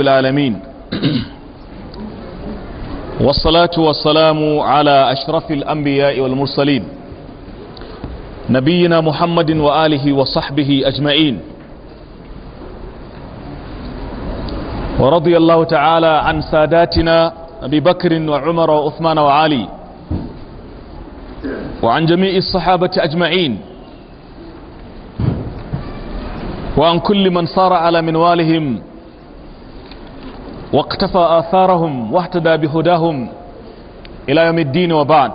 رب العالمين والصلاة والسلام على أشرف الأنبياء والمرسلين نبينا محمد وآله وصحبه أجمعين ورضي الله تعالى عن ساداتنا أبي بكر وعمر وأثمان وعلي وعن جميع الصحابة أجمعين وعن كل من صار على منوالهم واقتفى آثارهم واهتدى بهداهم إلى يوم الدين وبعد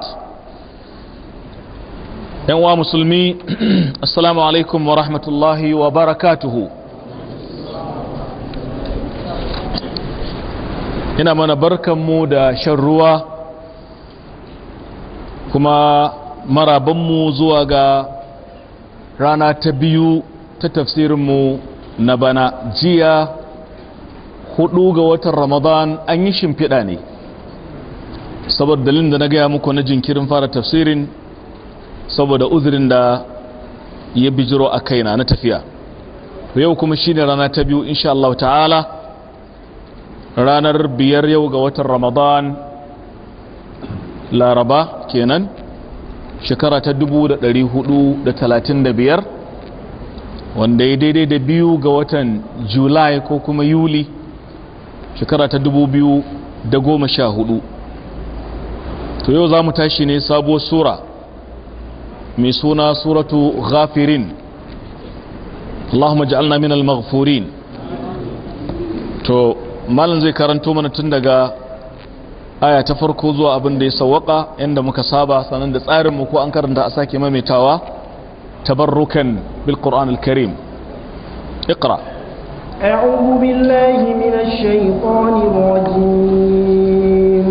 ينوى مسلمي السلام عليكم ورحمة الله وبركاته ina mana barkanmu da shan ruwa kuma maraban mu zuwa ga rana ta biyu ta tafsirinmu na bana jiya hudu ga watan ramadan an yi shimfiɗa ne saboda dalilin da na gaya muku na jinkirin fara tafsirin saboda uzurin da ya bijiro a kaina na tafiya yau kuma shine rana ta biyu insha Allah ta'ala ranar biyar yau ga watan ramadan laraba kenan shekara ta dubu da da hudu talatin biyar wanda ya daidai da biyu ga watan julai ko kuma yuli shekara ta dubu biyu da goma sha hudu to yau za mu tashi ne sabuwar sura mai suna suratu ghafirin Allahumma ja'alna min al-maghfurin to malam zai karanto mana tun daga aya ta farko zuwa abin da ya sauwaka inda muka saba sanan da tsarin mu ko an karanta a sake maimaitawa tabarrukan bil Qur'an al-Karim اقرأ أعوذ بالله من الشيطان الرجيم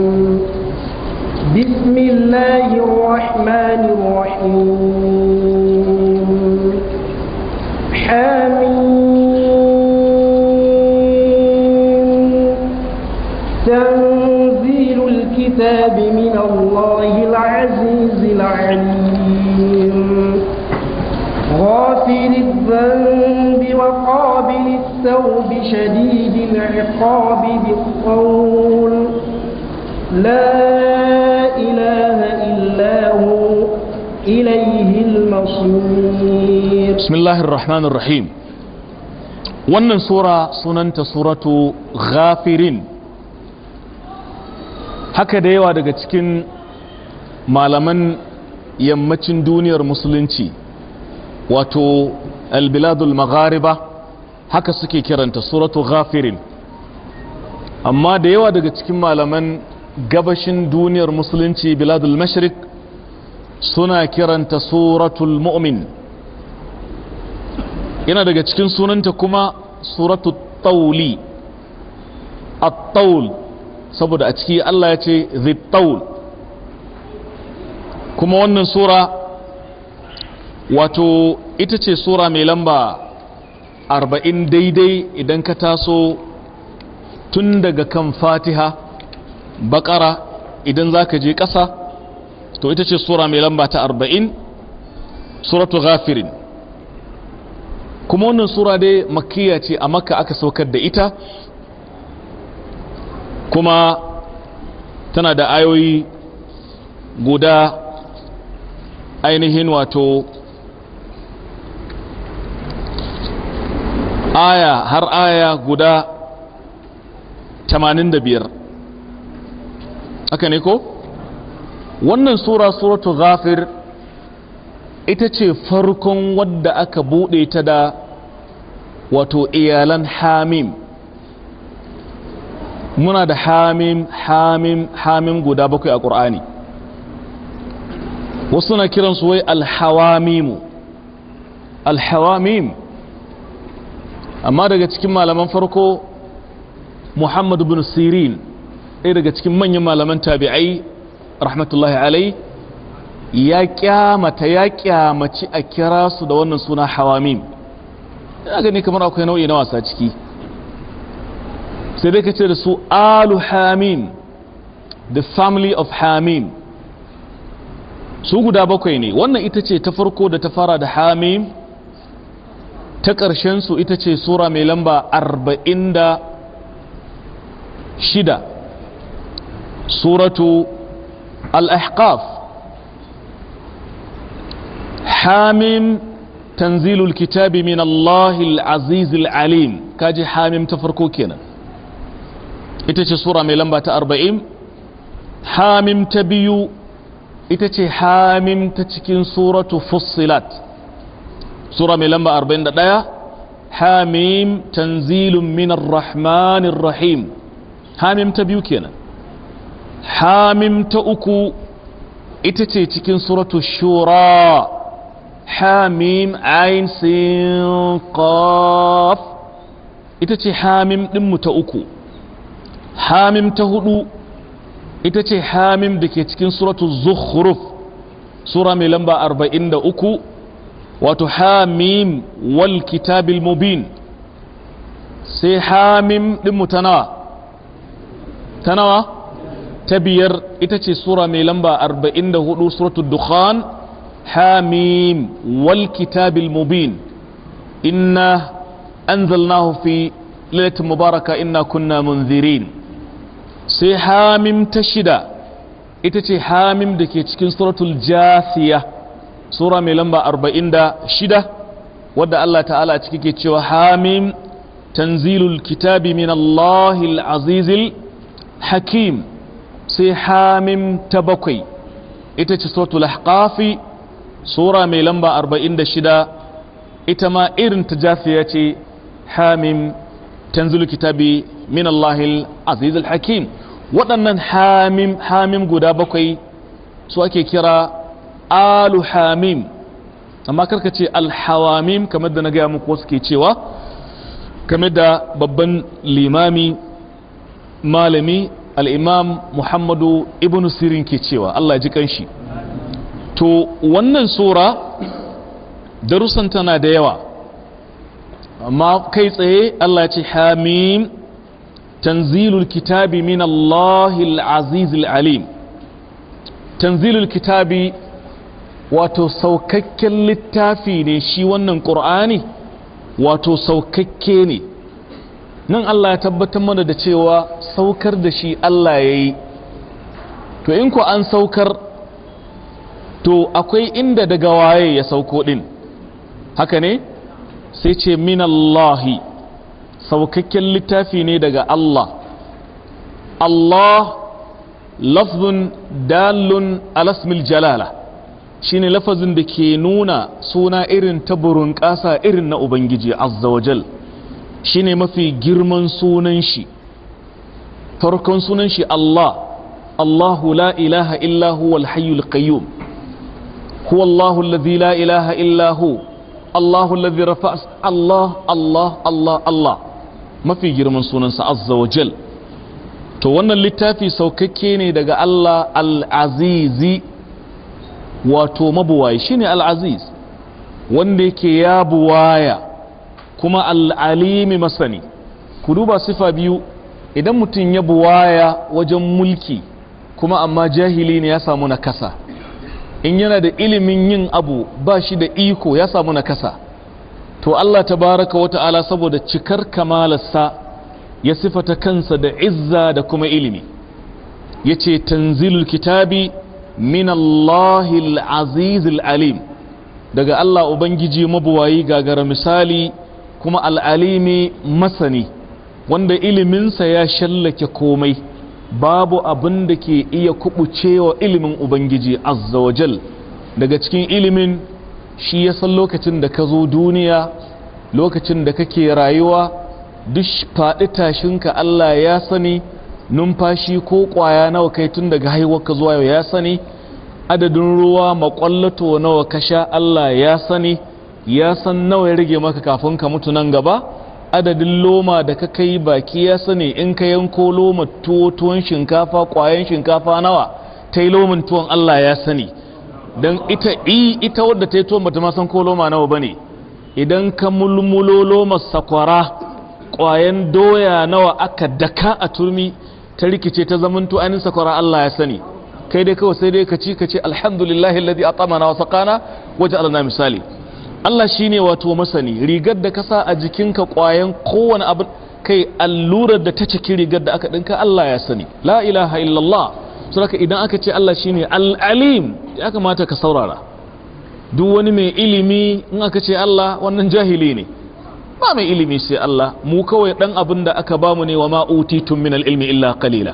بسم الله الرحمن الرحيم حامين تنزيل الكتاب من الله العزيز العليم غافل الذنب وقابل الثوب شديد العقاب بالقول لا إله إلا هو إليه المصير بسم الله الرحمن الرحيم wannan sura sunanta suratu ghafirin haka da yawa daga cikin malaman yammacin duniyar musulunci wato albiladul magariba haka suke kiranta suratu ghafirin amma da yawa daga cikin malaman gabashin duniyar musulunci biladul mashrik suna kiranta suratul mu'min yana daga cikin sunanta kuma suratu tauli at-taul saboda a ciki Allah ya ce zittaul kuma wannan sura wato ita ce sura mai lamba arba'in daidai idan ka taso tun daga kan fatiha bakara idan za ka je ƙasa to ita ce sura mai lamba ta arba'in suratu ghafirin kuma wannan sura dai makiya ce a maka aka saukar da ita kuma tana da ayoyi guda ainihin wato aya har aya guda 85 haka ne ko wannan sura suratul ghafir ita ce farkon wadda aka bude ta da wato iyalan hamim muna da hamim hamim hamim guda bakwai a ƙur'ani wasu na kiransu wai alhawamimu alhawamim amma daga cikin malaman farko muhammadu bin sirin ɗaya daga cikin manyan malaman tabi'ai rahmatullahi alai ya kyamata ya kyamaci a kira su da wannan suna hawamim ya gani kamar akwai nau'i na wasa ciki sai dai ka ce da su alu hamim the family of hamim su guda bakwai ne wannan ita ce ta farko da ta fara da hamim ta ƙarshen su ita ce sura mai lamba arba'in da shida suratu al-ahqaf hamim tanzilul kitabi min Allahil azizil alim kaji hamim ta farko kenan ita ce sura mai lamba ta arba'in hamim ta biyu ita ce hamim ta cikin suratu fussilat sura mai lamba 41 hamim tanzilun minar rahmanir rahim hamim ta biyu kenan hamim ta uku ita ce cikin suratu shura hamim ayin sin qaf ita ce hamim ɗinmu ta uku hamim ta hudu ita ce hamim da ke cikin suratu zukhruf sura mai lamba 43 wato hamim wal kitabil mubin sai hamim din mutanawa tanawa ta biyar ita ce sura mai lamba 44 suratul dukhan hamim wal kitabil mubin inna anzalnahu fi lailatul mubaraka inna kunna munzirin sai hamim ta shida ita ce hamim da ke cikin suratul jasiya sura mai lamba arba'in da shida wadda Allah ta'ala a ciki ke cewa hamim tanzilul kitabi min Allahil azizil hakim sai hamim ta bakwai ita ce suratul ahqafi sura mai lamba arba'in da shida ita ma irin ta jafiya ce hamim tanzilul kitabi min Allahil azizil hakim waɗannan hamim guda bakwai su ake kira alu hamim amma karka ce alhawamim kamar da na gaya muku wasu ke cewa kamar da babban limami malami al'imam muhammadu ibn sirin ke cewa Allah ji kanshi to wannan sura darussan na da yawa amma kai tsaye Allah ce hamim tanzilul kitabi min Allahil azizil alim tanzilul kitabi wato saukakken littafi ne shi wannan ƙur'ani wato saukakke ne nan Allah ya tabbatar mana da cewa saukar da shi Allah ya yi to in ku an saukar to akwai inda daga waye ya sauko ɗin haka ne sai ce minallahi saukakken littafi ne daga Allah Allah lafzun dalun alasmil jalala shine lafazin da ke nuna suna irin ta burin ƙasa irin na ubangiji azzawajal shine mafi girman sunan shi farkon sunan shi Allah Allahu la ilaha illa huwal hayyul qayyum huwa Allahu alladhi la ilaha illa hu Allahu alladhi rafa Allah Allah Allah Allah mafi girman sunansa azzawajal to wannan littafi saukakke ne daga Allah al-azizi wato mabuwayi shine al-aziz wanda yake ya buwaya kuma al-alimi masani ku duba sifa biyu idan mutum ya buwaya wajen mulki kuma amma jahili ne ya samu nakasa in yana da ilimin yin abu ba shi da iko ya samu nakasa to Allah Ta wa wata'ala saboda cikar kamalarsa ya sifata kansa da izza da kuma ilimi yace tanzilul kitabi min Allahil azizil alim daga Allah Ubangiji mabuwayi gagara misali kuma al'alimi masani wanda iliminsa ya shallake komai babu abin da ke iya kubucewa ilimin Ubangiji azzawajal daga cikin ilimin shi ya san lokacin da ka zo duniya lokacin da kake rayuwa duk faɗi tashinka Allah ya sani numfashi ko kwaya nawa kai tun daga haihuwarka zuwa yau ya sani adadin ruwa makwallato nawa ka sha Allah ya sani ya san nawa ya rage maka kafin ka mutu nan gaba adadin loma da ka kai baki ya sani in ka yanko loma tuwo tuwon shinkafa kwayan shinkafa nawa ta yi lomin tuwon Allah ya sani don ita i ita wadda ta yi tuwon bata ma san ko loma nawa ba ne idan ka mulmulo loma sakwara kwayan doya nawa aka daka a turmi ta rikice ta zamanto ainihin sakwara Allah ya sani kai dai kawai sai dai ka ci ka ce alhamdulillahi alladhi at'amana wa saqana waje alana misali Allah shine wato masani rigar da ka sa a jikinka kwayan kowane abu kai allurar da ta ciki rigar da aka ɗinka Allah ya sani la ilaha illallah saboda idan aka ce Allah shine ne al'alim ya kamata ka saurara duk wani mai ilimi in aka ce Allah wannan jahili ne ba mai ilimi sai Allah mu kawai dan abin da aka bamu ne wa ma utitum min ilmi illa qalila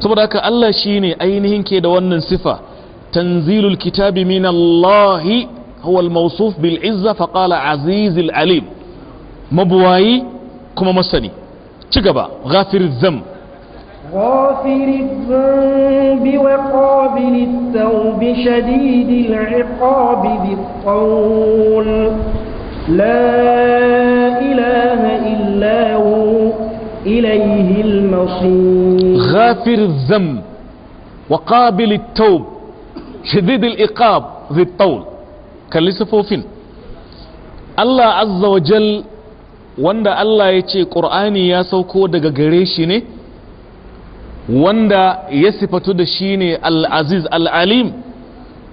saboda haka Allah shine ainihin ke da wannan sifa tanzilul kitabi min Allah huwa al-mawsuf bil izza fa qala azizul alim mabuwayi kuma masani ci gaba ghafir zam غافر الذنب وقابل التوب شديد العقاب بالقول لا إله إلا هو إليه المصير غافر الذنب وقابل kalli sifofin Allah azza wa jal wanda Allah ya ce ƙur'ani ya sauko daga gare shi ne wanda ya sifatu da shi ne al'aziz al'alim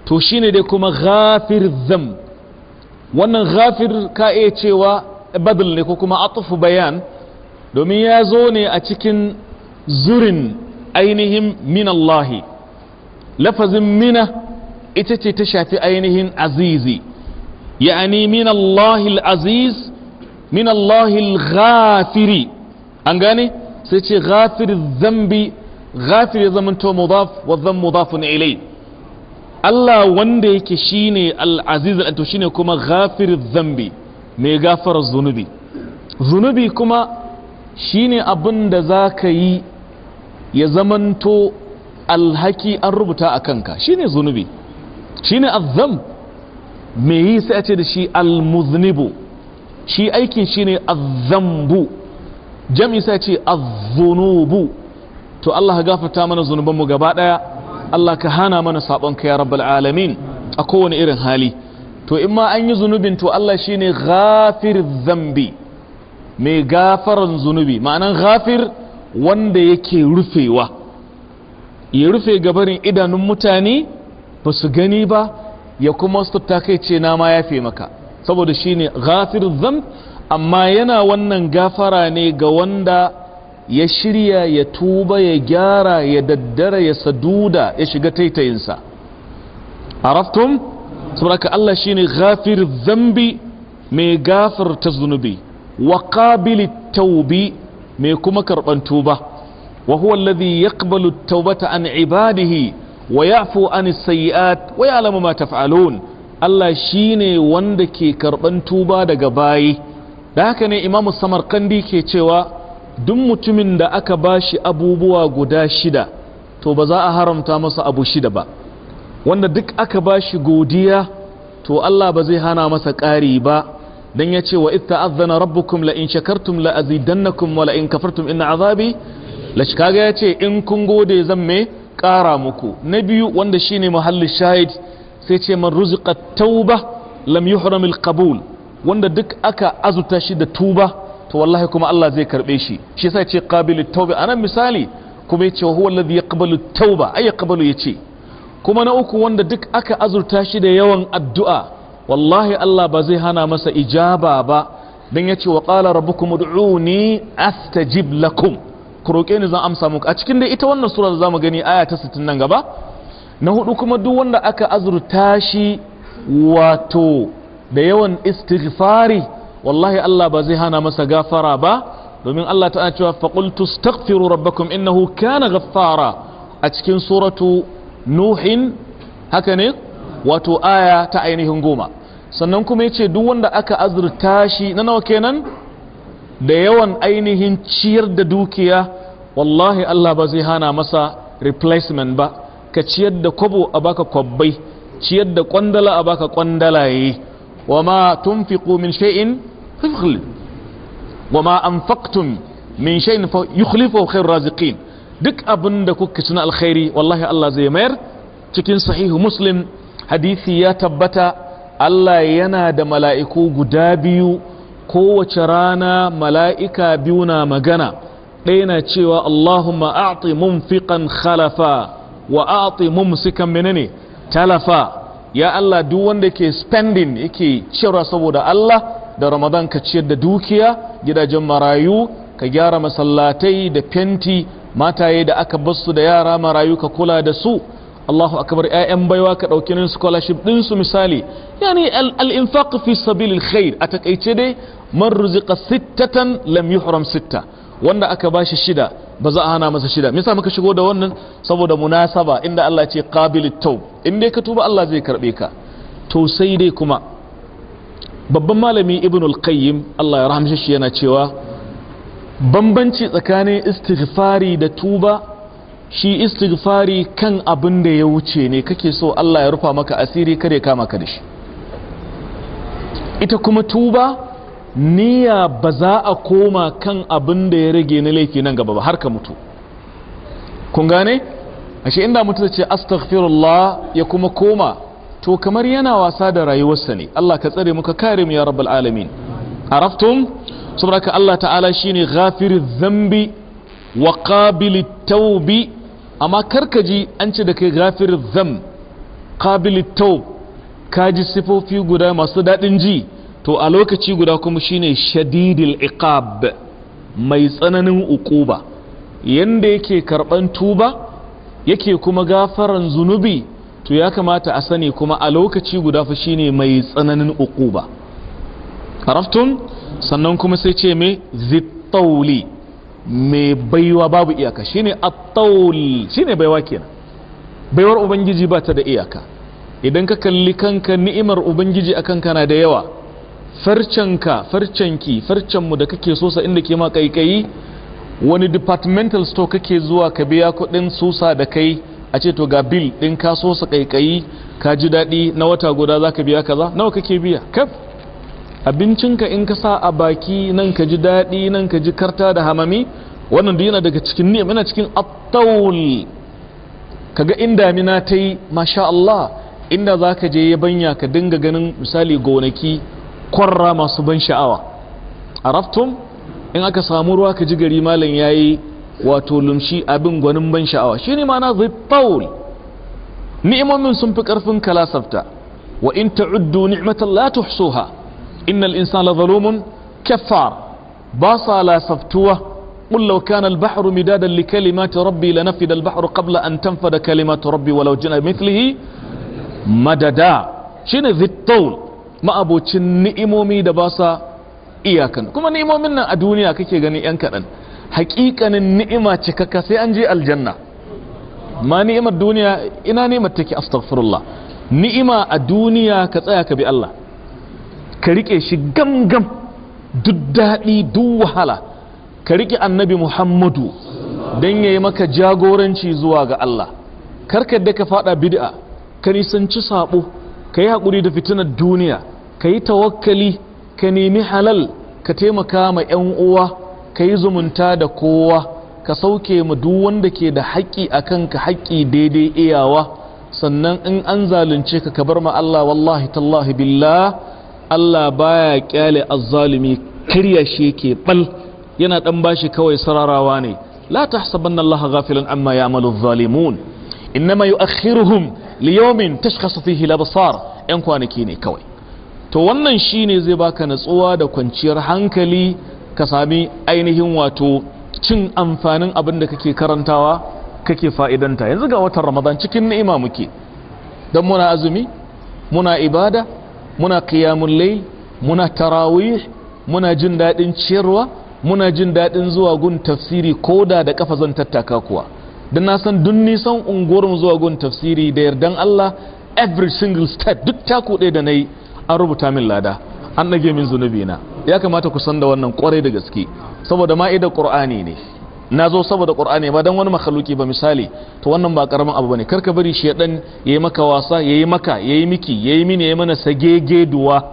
to shi ne kuma ghafir zam wannan ghafir ka iya cewa badal ne ko kuma atufu bayan domin ya zo ne a cikin zurin ainihin minallahi lafazin mina ita ce ta shafi ainihin azizi ya'ani minallahi aziz minallahi ghafiri an gane sai ce ghafiri zambi ghafiri ya zamanto mudaf wa zan mudafun ilai Allah wanda yake shine al-aziz al-to shine kuma ghafiri zambi mai gafar zunubi zunubi kuma shine abin da za ka yi ya zamanto alhaki an rubuta a kanka shine zunubi shine azam mai yi sai a ce da shi almuznibu shi aikin shine azambu jam'i sai ce azzunubu to Allah gafata mana zunubanmu gaba daya Allah ka hana mana sabon ka ya rabbal alamin a kowane irin hali to in ma an yi zunubin to Allah shi shine ghafir zambi mai gafaran zunubi ma'anan ghafir wanda yake rufewa ya rufe gabarin idanun mutane ba su gani ba ya kuma su kai ce na ma yafe maka saboda shi ne ghafir zamb amma yana wannan gafara ne ga wanda ya shirya ya tuba ya gyara ya daddara ya saduda ya shiga taitayinsa raftun saboda Allah shine gafir zambi mai ta zunubi wa qabilit taubi mai kuma karban tuba wa huwa alladhi yaqbalu taubata an ibadihi wa ya'fu an as wa ya'lamu ma taf'alun Allah shine wanda ke karban tuba daga bayi da haka ne Imam Samarkandi ke cewa duk mutumin da aka bashi abubuwa guda shida to ba za a haramta masa abu shida ba wanda duk aka ba shi godiya to Allah ba zai hana masa ƙari ba dan ya ce wa ita azana rabbukum la in shakartum la azidannakum wa la in kafartum inna azabi la kaga ya ce in kun gode zan mai ƙara muku na biyu wanda shine muhallin shahid sai ce man ruziqa tauba lam yuhram al wanda duk aka azuta shi da tuba to wallahi kuma Allah zai karbe shi shi yasa ce qabilut tauba anan misali kuma ya ce huwa alladhi yaqbalu tauba ay yaqbalu yace kuma na uku wanda duk aka azurta shi da yawan addu'a wallahi Allah ba zai hana masa ijaba ba don ya ce wa ƙala rabbukum ud'uni astajib lakum ku roƙe ni zan amsa muku a cikin dai ita wannan sura da zamu gani aya ta 60 nan gaba na hudu kuma duk wanda aka azurta shi wato da yawan istighfari wallahi Allah ba zai hana masa gafara ba domin Allah ta cewa faqultu astaghfiru rabbakum innahu kana ghaffara a cikin suratu nuhin haka ne wato aya ta ainihin goma sannan kuma ya ce duk wanda aka azurta shi na nawa kenan da yawan ainihin ciyar da dukiya wallahi Allah ba zai hana masa replacement ba ka ciyar da kwabo a baka kwabbai ciyar da kwandala a baka kwandalaye wa ma tunfiqu min shay'in wa ma anfaqtum min shay'in fa yukhlifu khairur raziqin duk abin da kuka ci na alkhairi wallahi Allah zai mayar cikin sahihu muslim hadisi ya tabbata Allah yana da mala'iku guda biyu kowace rana mala'ika biyu na magana ɗaya na cewa Allahumma a'ti mumfiqan khalafa wa a'ti mumsikan menene talafa ya Allah duk wanda ke spending yake cewa saboda Allah da Ramadan ka ciyar da dukiya gidajen marayu ka gyara masallatai da fenti mataye da aka basu da yara marayu ka kula da su Allahu akbar ƴaƴan baiwa ka ɗauki nan scholarship ɗin su misali yani al-infaq fi sabilil khair a takaice dai man ruziqa sittatan lam yuhram sitta wanda aka bashi shida ba za a hana masa shida me yasa muka shigo da wannan saboda munasaba inda Allah ya ce qabilit tawb in dai ka tuba Allah zai karbe ka to sai dai kuma babban malami ibnul qayyim Allah ya rahmshe shi yana cewa bambanci tsakanin istighfari da tuba shi istighfari kan abin da ya wuce ne kake so Allah ya rufa maka asiri kare kama ka da shi ita kuma tuba niyya ba za a koma kan abin da ya rage na laifi nan gaba ba har ka mutu kun gane ashe inda mutu ce astaghfirullah ya kuma koma to kamar yana wasa da rayuwarsa ne Allah ka tsare muka kare mu ya rabbal alamin araftum saboda Allah ta'ala shine ghafirin zambi wa qabilit taubi amma karkaji an ce da kai ghafirin zam qabili taub kaji sifofi guda masu daɗin ji to a lokaci guda kuma shine shadidil iqab mai tsananin uquba yanda yake karban tuba yake kuma gafaran zunubi to ya kamata a sani kuma a lokaci guda fa shine mai tsananin uquba araftum sannan kuma sai ce mai zittauli mai baiwa babu iyaka shine attaul shine baiwa kenan baiwar ubangiji ba ta da iyaka idan ka kalli kanka ni'imar ubangiji a kanka na da yawa farcenka farcenki farcenmu da kake so inda ke ma kaikayi wani departmental store kake zuwa ka biya kuɗin susa da kai a ce to ga bill ɗin ka sosa kaikayi ka ji daɗi na wata guda za ka biya kaza nawa kake biya kaf abincinka in ka sa a baki nan ka ji daɗi nan ka ji karta da hamami wannan duk yana daga cikin ni'am yana cikin attawul kaga in damina ta yi masha Allah inda za ka je banya ka dinga ganin misali gonaki kwarra masu ban sha'awa araftum in aka samu ruwa ka ji gari malam yi wato lumshi abin gwanin ban sha'awa shine zai taul ni'imomin sun fi karfin kalasafta wa in ta'uddu ni'matan la tuhsuha innal insana zalumun kaffar ba sa lasaftuwa قل لو كان البحر مدادا لكلمات ربي لنفد البحر قبل أن تنفد كلمات ربي ولو جئنا مثله مددا شين ذي الطول ما أبو شن نئمومي دباسا إياكا كما نئمومنا أدوني أكيكي غني أنكا حقيقة النئمة تككا سيأنجي الجنة ما نئمة الدنيا إنا نئمة تكي أستغفر الله نئمة الدنيا كتاياك بالله ka rike shi gangan duk daɗi duk wahala ka rike annabi muhammadu don ya yi maka jagoranci zuwa ga Allah karkar da ka fada bid'a ka nisanci saɓo ka yi haƙuri da fitinar duniya ka yi tawakkali ka nemi halal ka taimaka ma 'yan uwa ka yi zumunta da kowa ka sauke ma duk wanda ke da haƙƙi a kanka haƙƙi daidai iyawa sannan in an zalunce ka ka bar ma Allah wallahi tallahi billah Allah baya kyale azzalimi karya shi yake bal yana dan bashi kawai sararawa ne la tahsabanna Allah ghafilan amma ya'malu adh-dhalimun innama yu'akhiruhum liyawmin tashkhasu fihi al-absar yan kwanaki ne kawai to wannan shine zai baka natsuwa da kwanciyar hankali ka sami ainihin wato cin amfanin abin da kake karantawa kake fa'idanta yanzu ga watan Ramadan cikin ni'ima muke dan muna azumi muna ibada muna qiyamul layl muna tarawih muna jin daɗin ciyarwa muna jin daɗin zuwa gun tafsiri ko da da kafa zan tattaka kuwa dan na san dun nisan unguwarmu zuwa gun tafsiri da yardan Allah every single step duk taku ɗaya da nayi an rubuta min lada an ɗage min zunubi na ya kamata ku san da wannan kwarai da gaske saboda ma'idar qur'ani ne na zo saboda ƙur'ani ba don wani makhaluki ba misali ta wannan ba ƙaramin abu bane karka bari shi ɗan ya yi maka wasa ya yi maka ya yi miki ya yi mini ya yi mana sagege duwa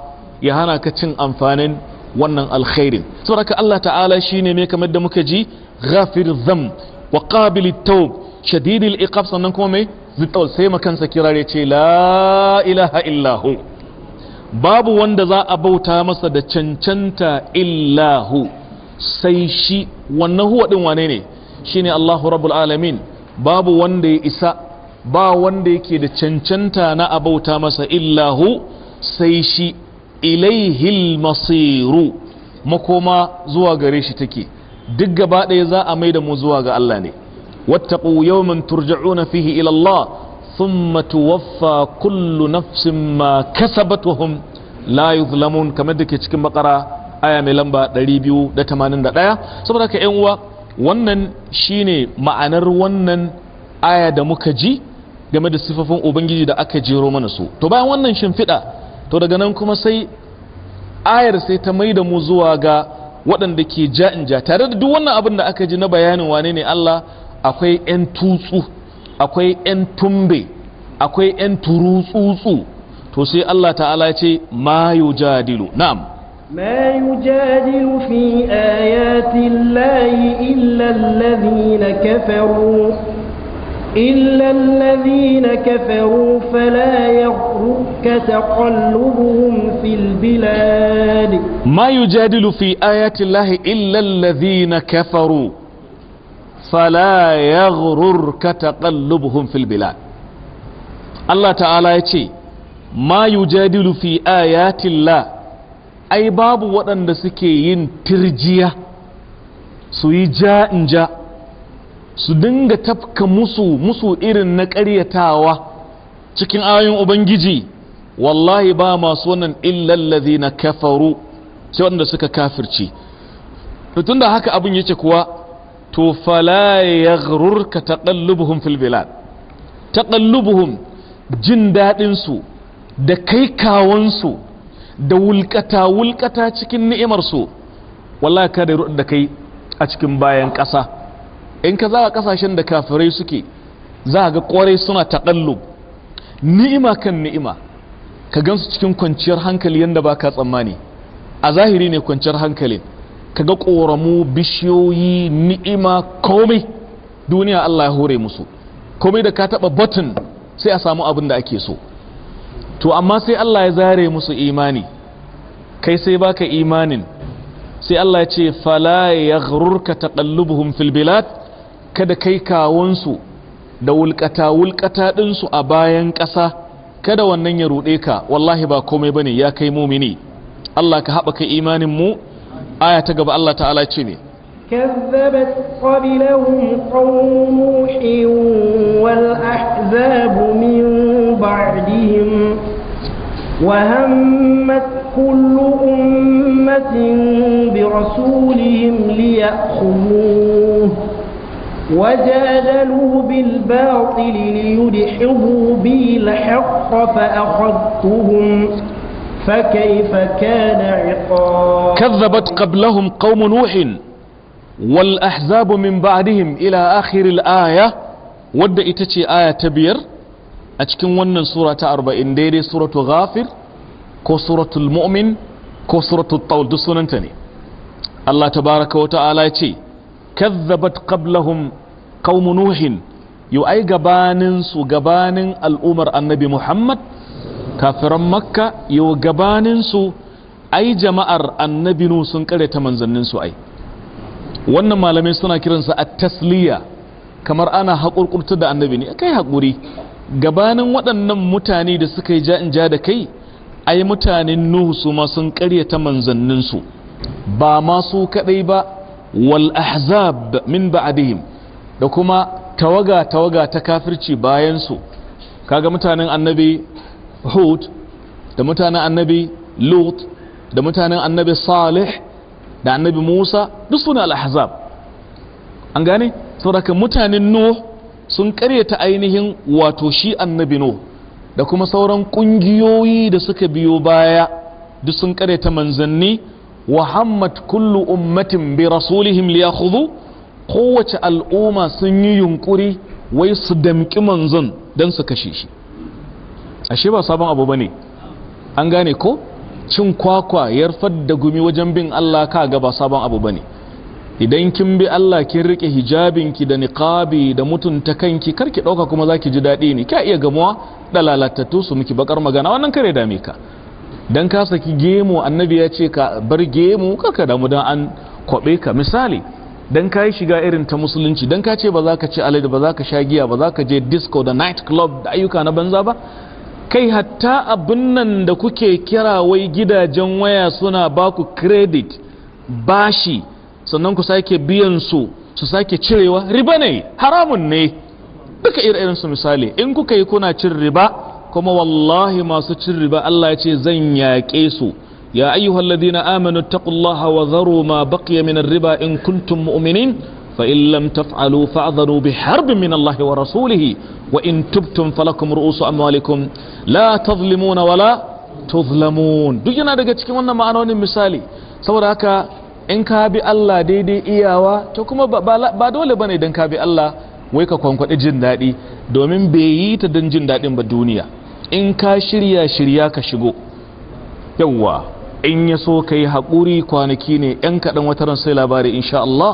ya hana ka cin amfanin wannan alkhairin saboda ka Allah ta'ala shi ne mai kamar da muka ji ghafir dham wa qabil at-tawb shadid al-iqab sannan kuma mai zitawal sai makansa kirare ce la ilaha illahu babu wanda za a bauta masa da cancanta illahu sai shi wannan huwa din wane ne shine Allahu rabbul alamin babu wanda ya isa ba wanda yake da cancanta na abauta masa illahu sai shi ilaihil masiru makoma zuwa gare shi take duk gaba ɗaya za a mai da mu zuwa ga Allah ne wattaqu yawman turja'una fihi ila Allah thumma tuwaffa kullu nafsin ma kasabat wa hum la yuzlamun kamar da ke cikin makara. aya mai lamba 281 saboda ka yan uwa wannan shine ma'anar wannan aya da muka ji game da sifafin ubangiji da aka jero mana su to bayan wannan shimfiɗa to daga nan kuma sai ayar sai ta mai da mu zuwa ga waɗanda ke ja. tare da duk wannan abin da aka ji na bayanin wane ne Allah akwai 'yan tutsu akwai 'yan tumbe akwai 'yan turutsutsu to sai Allah ta'ala ce ma yujadilu na'am ما يجادل في آيات الله إلا الذين كفروا إلا الذين كفروا فلا يغرك تقلبهم في البلاد ما يجادل في آيات الله إلا الذين كفروا فلا يغررك تقلبهم في البلاد الله تعالى يتي ما يجادل في آيات الله ai babu waɗanda suke yin tirjiya su yi ja-in-ja su dinga tafka musu musu irin na ƙaryatawa cikin ayoyin ubangiji wallahi ba masu wannan illallazi na kafaru sai waɗanda suka kafirci tun da haka abin yake kuwa to fala ya taƙallubuhun filbilad taƙallubuhun jin daɗinsu da kaikawansu da wulkata wulkata cikin ni'imarsu wallahi ka da da kai a cikin bayan ƙasa in ka zaga ƙasashen da kafirai suke za ga ƙwarai suna taƙallu ni'ima kan ni'ima ka gansu cikin kwanciyar hankali yadda ba ka tsammani a zahiri ne kwanciyar hankali ka ga ƙoramu bishiyoyi ni'ima komai duniya Allah ya hore musu komai da ka taɓa button sai a samu abin da ake so to amma sai Allah ya zare musu imani kai sai baka imanin sai Allah ya ce fala yaghrurka taqallubuhum fil bilad kada kai kawunsu da wulƙata-wulƙata wulkata ɗinsu a bayan ƙasa kada wannan ya rude ka wallahi ba komai bane ya kai mumini Allah ka haɓaka imanin mu aya ta gaba Allah ta'ala ce ne كذبت قبلهم قوم نوح والأحزاب من بعدهم وهمت كل أمة برسولهم ليأخذوه وجادلوا بالباطل ليدحضوا به الحق فأخذتهم فكيف كان عقاب كذبت قبلهم قوم نوح wal ahzabu min ila akhiril aya wadda ita ce aya ta biyar a cikin wannan sura ta arba'in daidai suratu ghafir ko suratul mu'min ko suratul taul sunanta ne Allah Ta baraka ta'ala ya ce kazzabat qablahum qaumu nuhin yu ai gabanin su gabanin al'umar annabi Muhammad kafiran makka yu gabanin su ai jama'ar annabi nu sun kare ta manzannin su ai wannan malamai suna kiransa a tasliya kamar ana haƙurƙurta da annabi ne kai haƙuri gabanin waɗannan mutane da suka yi ja'in ja da kai ai mutanen nuhu su ma sun ƙaryata manzanninsu ba masu kaɗai ba wal ahzab min ba'dihim da kuma tawaga tawaga ta kafirci bayansu kaga mutanen annabi hud da mutanen annabi lut da mutanen annabi salih da annabi musa duk suna al an gane saboda mutanen nuh sun karyata ainihin wato shi annabi nuh da kuma sauran kungiyoyi da suka biyo baya duk sun karyata manzanni wa hammat kullu ummatin bi rasulihim liyakhudhu kowace al'umma sun yi yunkuri wai su damki manzon don su kashe shi ashe ba sabon abu bane an gane ko cin kwakwa yarfar da gumi wajen bin Allah ka gaba sabon abu ba ne. idan kin bi Allah kin rike hijabinki da niqabi da mutunta kanki karki dauka kuma zaki ji dadi ne ka iya gamuwa da lalatattu su miki bakar magana wannan kare dame ka dan ka saki gemu annabi ya ce ka bar gemu kaka damu dan an kwabe ka misali dan ka yi shiga irin ta musulunci dan ka ce ba za ka ci alade ba za ka sha giya ba za ka je disco da night club da ayyuka na banza ba kai hatta abin nan da kuke kira wai gidajen waya suna ba ku credit bashi sannan ku sake biyan su su sake cirewa riba ne haramun ne duka irinsu misali in kuka yi kuna cin riba kuma wallahi masu cin riba Allah ya ce zan yaƙe su ya ayyuhallazina amanu taqullaha wa zaru ma baqiya min riba in kuntum mu'minin فإن لم تفعلوا فأذنوا بحرب من الله ورسوله وإن تبتم فلكم رؤوس أموالكم لا تظلمون ولا تظلمون duk yana daga cikin wannan ma'anonin misali saboda haka in ka bi Allah daidai iyawa to kuma ba dole bane dan ka bi Allah wai ka kwankwaɗi jin daɗi domin bai yi ta dan jin daɗin ba duniya in ka shirya shirya ka shigo yawwa in ya so ka yi haƙuri kwanaki ne 'yan kaɗan wataran sai labari insha Allah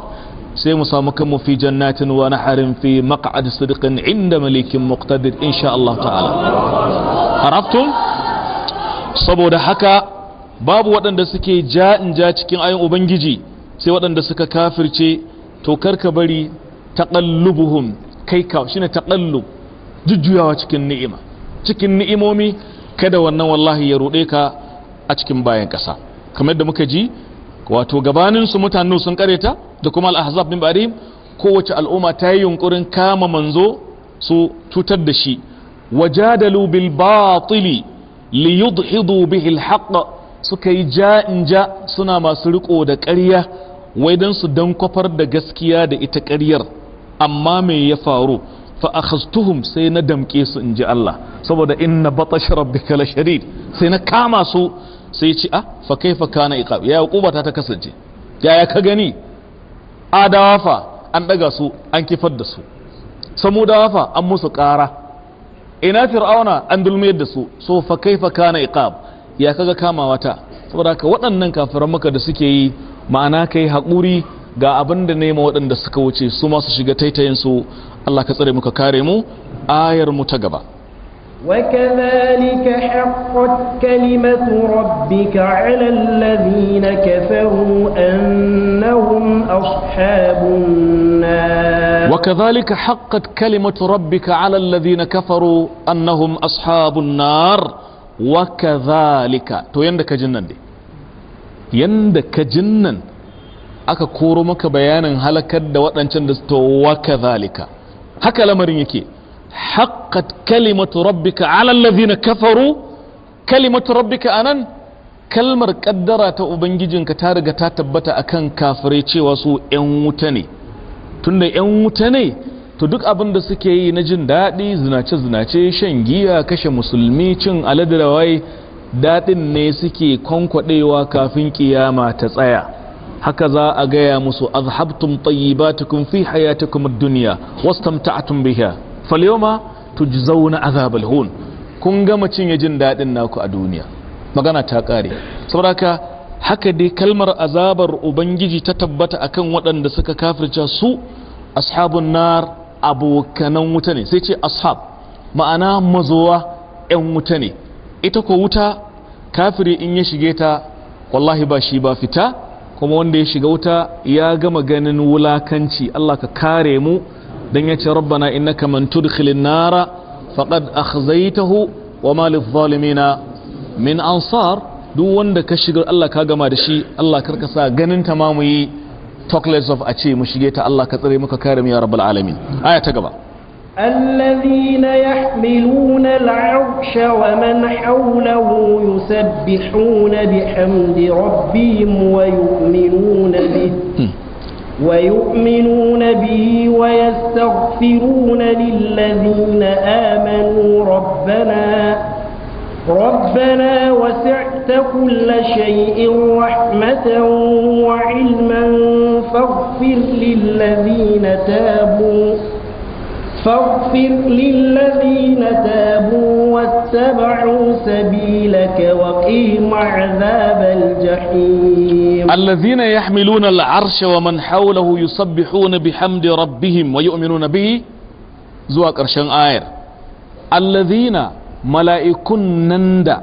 sai mu samu kanmu fi jannatin wa naharin fi maq'ad sidqin inda malikin muqtadir insha Allah ta'ala araftum saboda haka babu waɗanda suke ja'in ja cikin ayin ubangiji sai waɗanda suka kafirce to karka bari taqallubuhum kai ka shine taqallub jujjuyawa cikin ni'ima cikin ni'imomi kada wannan wallahi ya rude ka a cikin bayan ƙasa kamar da muka ji wato gabaninsu mutanen sun kareta da kuma al-ahzab min kowace al'umma ta yi yunkurin kama manzo su cutar da shi wajadalu bil batili li yudhidu bihi al-haqq suka yi ja'inja suna masu riko da ƙarya wai dan su dan kwafar da gaskiya da ita ƙaryar amma me ya faru fa akhaztuhum sai na damke su inji Allah saboda inna batash rabbika la sharid sai na kama su sai ci a ah, fa kana iqab ya hukubata ta kasance yaya ka gani adawa fa an daga su an kifar da su dawa fa an musu kara ina fir'auna an dulmiyar da su so fa kaifa kana iqab ya kaga kama ta saboda ka waɗannan kafiran maka da suke yi ma'ana kai haƙuri ga abinda da nema waɗanda suka wuce su ma su shiga taitayin su Allah ka tsare muka kare mu ayar mu ta gaba وكذلك حقت كلمة ربك على الذين كفروا أنهم أصحاب النار وكذلك حقت كلمة ربك على الذين كفروا أنهم أصحاب النار وكذلك تو يندك جنن دي يندك جنن aka koro maka bayanin halakar da waɗancan da to wa kazalika haka lamarin yake hakkat kalimatu rabbika ala allazina kafaru kalimatu rabbika anan kalmar kaddara ta ubangijin ka ta riga ta tabbata a kan kafare cewa su yan wuta ne tunda yan wuta ne to duk abin da suke yi na jin daɗi zinace-zinace shan giya kashe musulmi cin aladurawai daɗin ne suke kwankwaɗewa kafin kiyama ta tsaya haka za a gaya musu azhabtum tayyibatukum fi hayatikum ad-dunya wastamta'tum biha falyoma tujzauna azabal hun kun gama cinye jin dadin naku a duniya magana ta kare saboda ka haka dai kalmar azabar ubangiji ta tabbata akan waɗanda suka kafirce su ashabun nar abokanan wuta ne sai ce ashab ma'ana mazowa 'yan wuta ne ita ko wuta kafiri in ya shige ta wallahi ba shi ba fita kuma wanda ya shiga wuta ya gama ganin wulakanci Allah ka kare mu dan yace rabbana innaka man tudkhilin nara faqad akhzaytahu wama lidh min ansar duk wanda ka shigar Allah ka gama da shi Allah karka sa ganin ta mamuyi talkless of a ce mu shige ta Allah ka tsare muka kare mu ya rabbal alamin aya ta gaba الذين يحملون العرش ومن حوله يسبحون بحمد ربهم ويؤمنون به ويؤمنون به ويستغفرون للذين آمنوا ربنا ربنا وسعت كل شيء رحمة وعلما فاغفر للذين تابوا فاغفر للذين تابوا واتبعوا سبيلك وقهم عذاب الجحيم الذين يحملون العرش ومن حوله يسبحون بحمد ربهم ويؤمنون به زوا قرشن آير الذين ملائكون نندا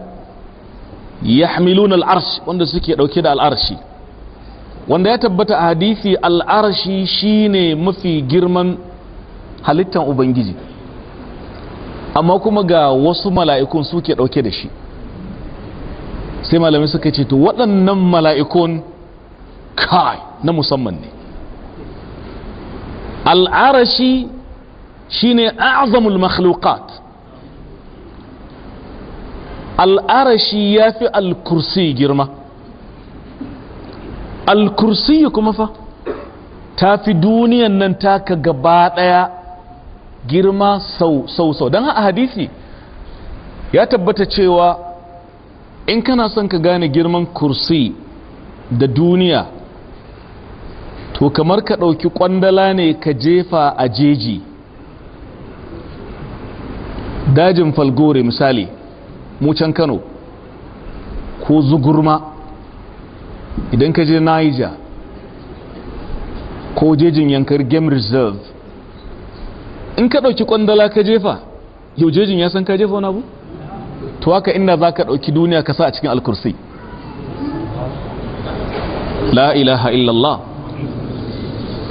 يحملون العرش wanda suke dauke da al'arshi wanda ya tabbata a hadisi al'arshi shine mafi girman halittan ubangiji amma kuma ga wasu mala'ikun suke dauke da shi sai malamai suka ce to waɗannan mala'ikun kai na musamman ne al'arashi shi ne azamul makhlukat al'arashi ya fi al-kursi girma al-kursi kuma fa ta fi duniyan nan taka gaba ɗaya girma sau sau sau don a hadisi ya tabbata cewa in kana son ka gane girman kursi da duniya to kamar ka ɗauki ƙwandala ne ka jefa a jeji dajin falgore misali mucan kano ko zugurma idan ka je niger ko jejin yankar game reserve in ka ɗauki ƙwandala ka jefa yau jejin ya san ka jefa wani abu to haka inda za ka ɗauki duniya ka sa a cikin alkursi la ilaha illallah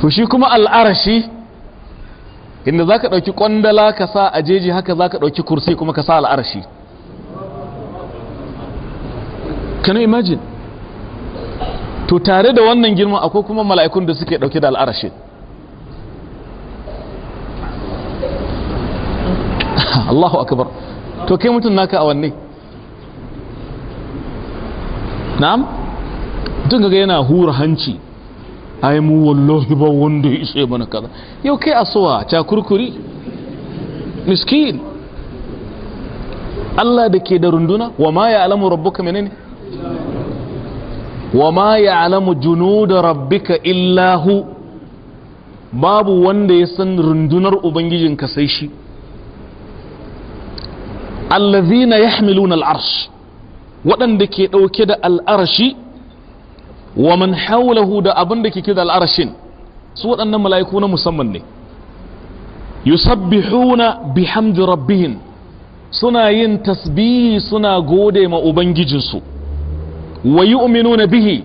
to shi kuma al'arashi inda za ka ɗauki ƙwandala ka sa a jeji haka za ka ɗauki kursi kuma ka sa al'arashi can you imagine to tare da wannan girma akwai kuma mala'ikun da suke ɗauke da al'arashi Allahu akbar to kai mutum naka a wanne na'am tun kaga yana hura hanci ai mu wallahi ba wanda ya ishe mana kaza yau kai asuwa ta kurkuri miskin Allah da ke da runduna wa ma ya alamu rabbuka menene wa ma ya alamu junuda rabbika illahu babu wanda ya san rundunar ubangijinka sai shi allazina yahmiluna al'arsh waɗanda ke ɗauke da al'arshi wa man hawlahu da abin da ke da al'arshin su waɗannan mala'iku na musamman ne yusabbihuna bihamdi rabbihim suna yin tasbihi suna gode ma ubangijinsu wa yu'minuna bihi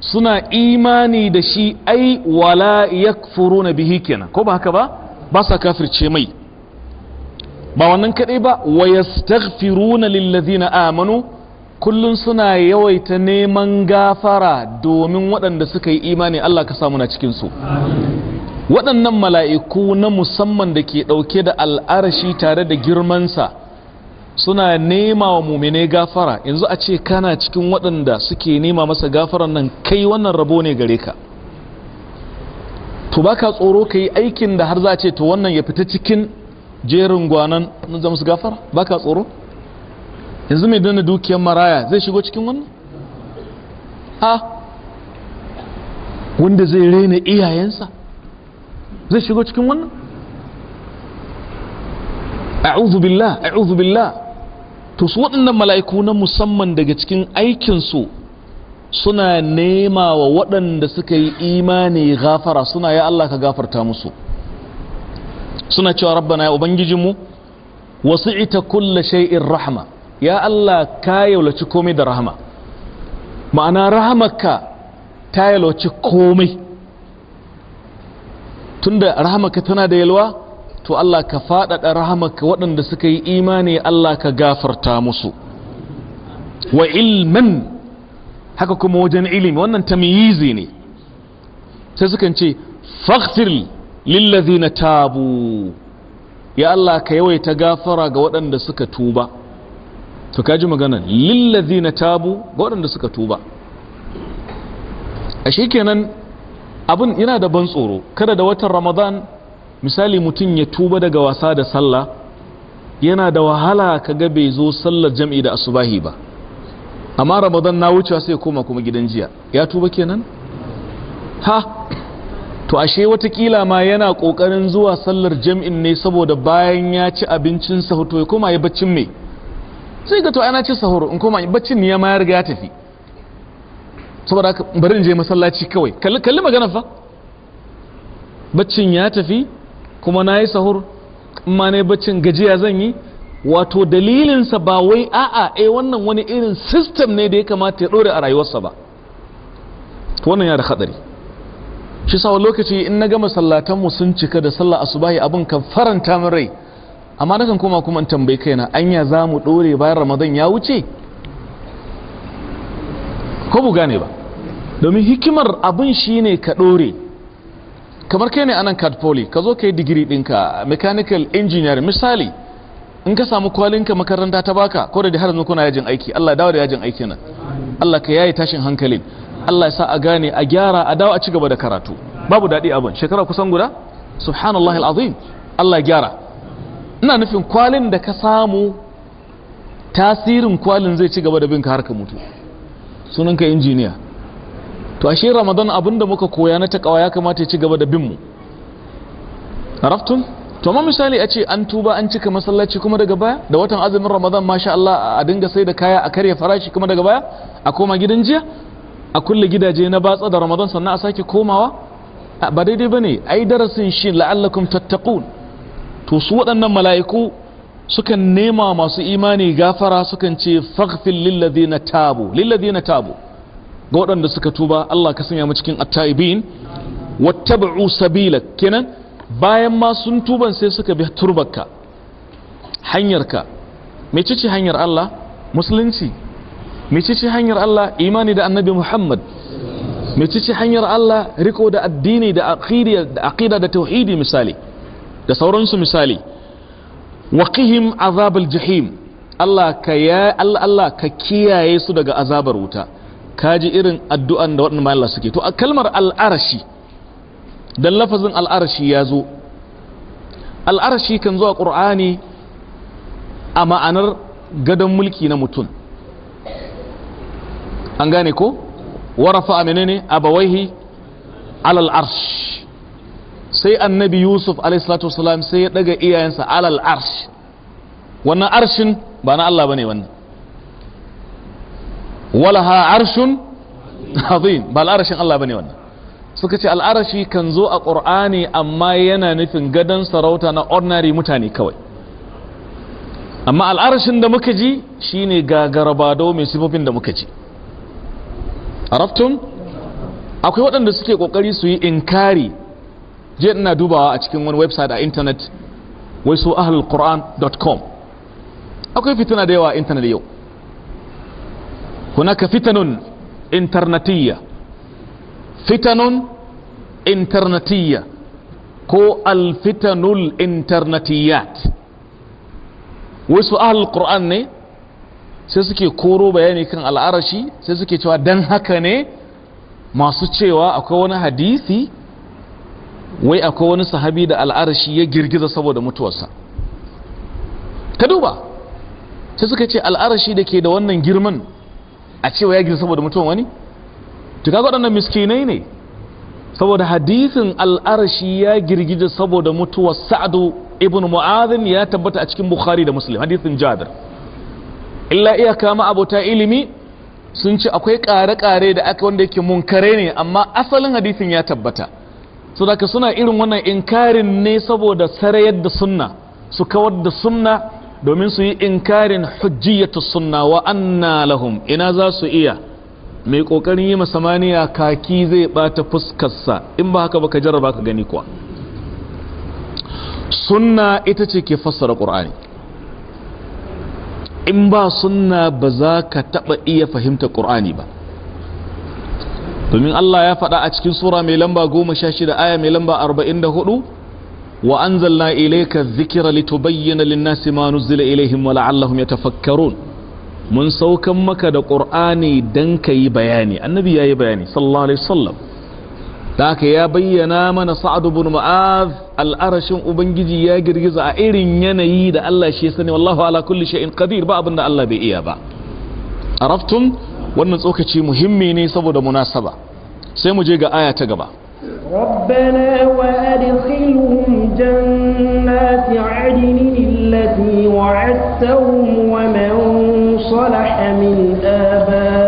suna imani da shi ai wala yakfuruna bihi kenan ko ba haka ba ba sa kafirce mai ba wannan kaɗai ba wa yastaghfiruna lillazina amanu kullun suna yawaita neman gafara domin waɗanda suka yi imani Allah ka samu na cikin su waɗannan mala'iku na musamman da ke ɗauke da al'arashi tare da girmansa suna nema wa mumine gafara yanzu a ce kana cikin waɗanda suke nema masa gafaran nan kai wannan rabo ne gare ka to baka tsoro ka yi aikin da har za ce to wannan ya fita cikin jerin gwanan na zama su gafara ba ka tsoro yanzu mai dana dukiyar maraya zai shigo cikin wannan ha wanda zai raina iyayensa zai shigo cikin wannan a'udhu billah a'udhu billah to su waɗannan mala'iku na musamman daga cikin aikinsu suna nema wa waɗanda suka yi imani gafara suna ya Allah ka gafarta musu suna cewa rabbana ya ubangijinmu wasi'ita kulla shay'in rahma ya Allah ka yaulaci komai da rahma ma'ana rahmaka ta yaulaci komai tunda rahamarka tana da yalwa to Allah ka faɗaɗa rahmaka waɗanda suka yi imani Allah ka gafarta musu wa ilman haka kuma wajen ilimi wannan tamyizi ne sai sukan ce faghfir lillazina tabu ya Allah ka yawaita gafara ga waɗanda suka tuba to kaji magana lillazina tabu ga waɗanda suka tuba a kenan abin yana da ban tsoro kada da watan ramadan misali mutum ya tuba daga wasa da sallah yana da wahala ka ga bai zo sallar jam'i da asubahi ba amma ramadan na wucewa sai koma kuma gidan jiya ya tuba kenan ha to ashe watakila ma yana kokarin zuwa sallar jam'in ne saboda bayan ya ci abincin sahur to ya koma ya baccin me sai ga to ana ci sahur in koma baccin ne ya ma ya riga ya tafi saboda barin bari in je masallaci kawai kalli magana fa baccin ya tafi kuma na yi sahur ma ne baccin gajiya zan yi wato dalilinsa ba wai a'a eh wannan wani irin system ne da ya kamata ya dore a rayuwarsa ba wannan ya da hadari shi sa lokaci in na gama sallatanmu sun cika da sallah asubahi abin kan faranta min rai amma nakan koma kuma in tambayi kaina anya za mu ɗore bayan ramadan ya wuce ko bu gane ba domin hikimar abun shine ka dore kamar kai ne anan card ka zo ka yi digiri ɗinka mechanical engineer misali in ka samu kwalinka makaranta ta baka ko da har yanzu kuna yajin aiki Allah dawo da yajin aiki nan Allah ka yayi tashin hankalin Allah ya sa a gane a gyara a dawo a ci gaba da karatu babu daɗi abin shekara kusan guda subhanallahi alazim Allah ya gyara ina nufin kwalin da ka samu tasirin kwalin zai ci gaba da bin ka har ka mutu ka injiniya to ashe ramadan da muka koya na takawa ya kamata ya ci gaba da bin mu raftun to amma misali a ce an tuba an cika masallaci kuma daga baya da watan azumin ramadan masha Allah a dinga sai da kaya a karya farashi kuma daga baya a koma gidan jiya a kulle gidaje na batsa da ramadan sannan a sake komawa ba daidai ba ne ai darasin shi la'allakum tattaqun to su waɗannan mala'iku sukan nema masu imani gafara sukan ce faghfir lilladhina tabu lilladhina tabu ga waɗanda suka tuba Allah ka sanya mu cikin at-taibin wattaba'u kenan bayan ma sun tuban sai suka bi turbarka hanyarka mecece hanyar Allah musulunci mecece hanyar Allah imani da annabi Muhammad mecece hanyar Allah riko da addini da aqida da tauhidi misali da sauransu misali waqihim azab jahim Allah ka ya Allah Allah ka kiyaye su daga azabar wuta kaji irin addu'an da waɗannan Allah suke to a kalmar al'arashi dan lafazin al'arashi ya zo al'arashi kan zuwa a ƙur'ani a ma'anar gadon mulki na mutum an gane ko warafa menene ne abawaihi alal arsh sai annabi yusuf a.s. wasalam sai ya daga iyayensa alal arsh wannan arshin ba na allah bane wannan walaha arshun azim ba al'arashin allah bane wannan suka ce al'arashi kan zo a qur'ani amma yana nufin gadon sarauta na ordinary mutane kawai amma al'arashin da muka ji shine gagarabado mai sifofin da muka ji arabtun akwai waɗanda suke ƙoƙari su yi inkari je ina dubawa a cikin wani website a internet wai su ahlulquran.com akwai fitina da yawa a internet yau hunaka fitanun internetiyya fitanun internetiyya ko alfitanul internetiyyat wai su ahlulquran ne sai suke koro bayani kan al'arashi sai suke cewa dan haka ne masu cewa akwai wani hadisi wai akwai wani sahabi da al'arashi ya girgiza saboda mutuwarsa Ta duba sai suka ce al'arashi da ke da wannan girman a cewa ya girgiza saboda mutuwar wani tuka waɗannan miskinai ne saboda hadisin al'arashi ya girgiza saboda mutuwar sa'adu ibn mu'adhin ya tabbata a cikin bukhari da muslim hadisin jadar illa iyaka ma abota ilimi sun ci akwai ƙare-ƙare da aka wanda yake munkare ne amma asalin hadisin ya tabbata so daga suna irin wannan inkarin ne saboda sarayar da sunna su kawar da sunna domin su yi inkarin hujjiyatu sunna wa anna lahum ina za su iya mai kokarin yi masamaniya kaki zai bata fuskarsa in ba haka baka jarraba ka gani kuwa sunna ita ce ke fassara qur'ani in ba sunna ba za ka taɓa iya fahimta ƙur'ani ba domin Allah ya faɗa a cikin sura mai lamba goma sha shida aya mai lamba arba'in da hudu wa an zalna ilaika zikira litubayyana linnasi ma nuzila ilaihim wa la'allahum yatafakkarun mun saukan maka da ƙur'ani dan ka yi bayani annabi ya yi bayani sallallahu alaihi wasallam da haka ya bayyana mana sa'adu ibn mu'az al'arashin ubangiji ya girgiza a irin yanayi da Allah shi sani wallahu ala kulli shay'in qadir ba abinda Allah bai iya ba araftum wannan tsokaci muhimmi ne saboda munasaba sai mu je ga aya ta gaba ربنا وأدخلهم جنات عدن التي وعدتهم ومن صلح من آبائهم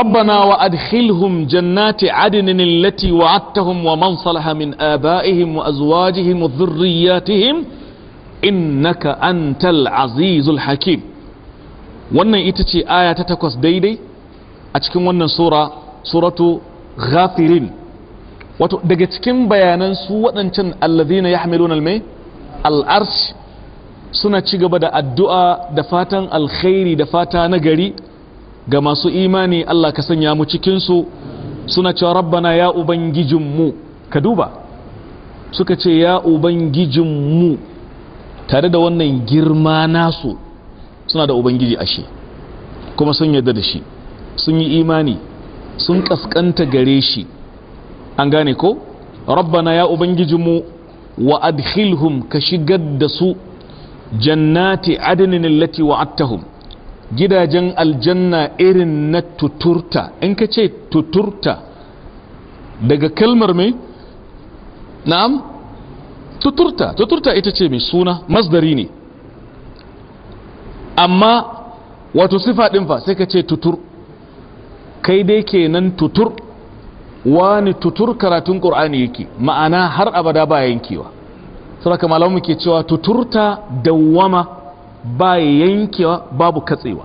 ربنا وأدخلهم جنات عدن التي وعدتهم ومن صلح من آبائهم وأزواجهم وذرياتهم إنك أنت العزيز الحكيم wannan ita ce aya ta takwas daidai a cikin wannan sura suratu ghafirin wato daga cikin bayanan su waɗancan allazina yahmiluna almai al'arsh suna ci gaba da addu'a da fatan alkhairi da fata na gari. ga masu imani Allah ka sanya mu cikinsu suna cewa rabbana ya ubangijinmu ka duba suka ce ya ubangijinmu tare da wannan girma nasu suna da ubangiji ashe kuma sun yarda da shi sun yi imani sun kaskanta gare shi an gane ko rabbana ya ubangijinmu wa adkhilhum ka shigar da su jannati adnin allati wa'attahum gidajen aljanna irin na tuturta in ka ce tuturta daga kalmar mai na'am tuturta tuturta ita ce mai suna masdari ne amma wato sifa ɗin fa sai ka ce tutur kai dai ke nan tutur wani tutur karatun ƙur'ani yake ma'ana har abada ba yankewa saboda malamu ke cewa tuturta dawwama ba yankewa babu katsewa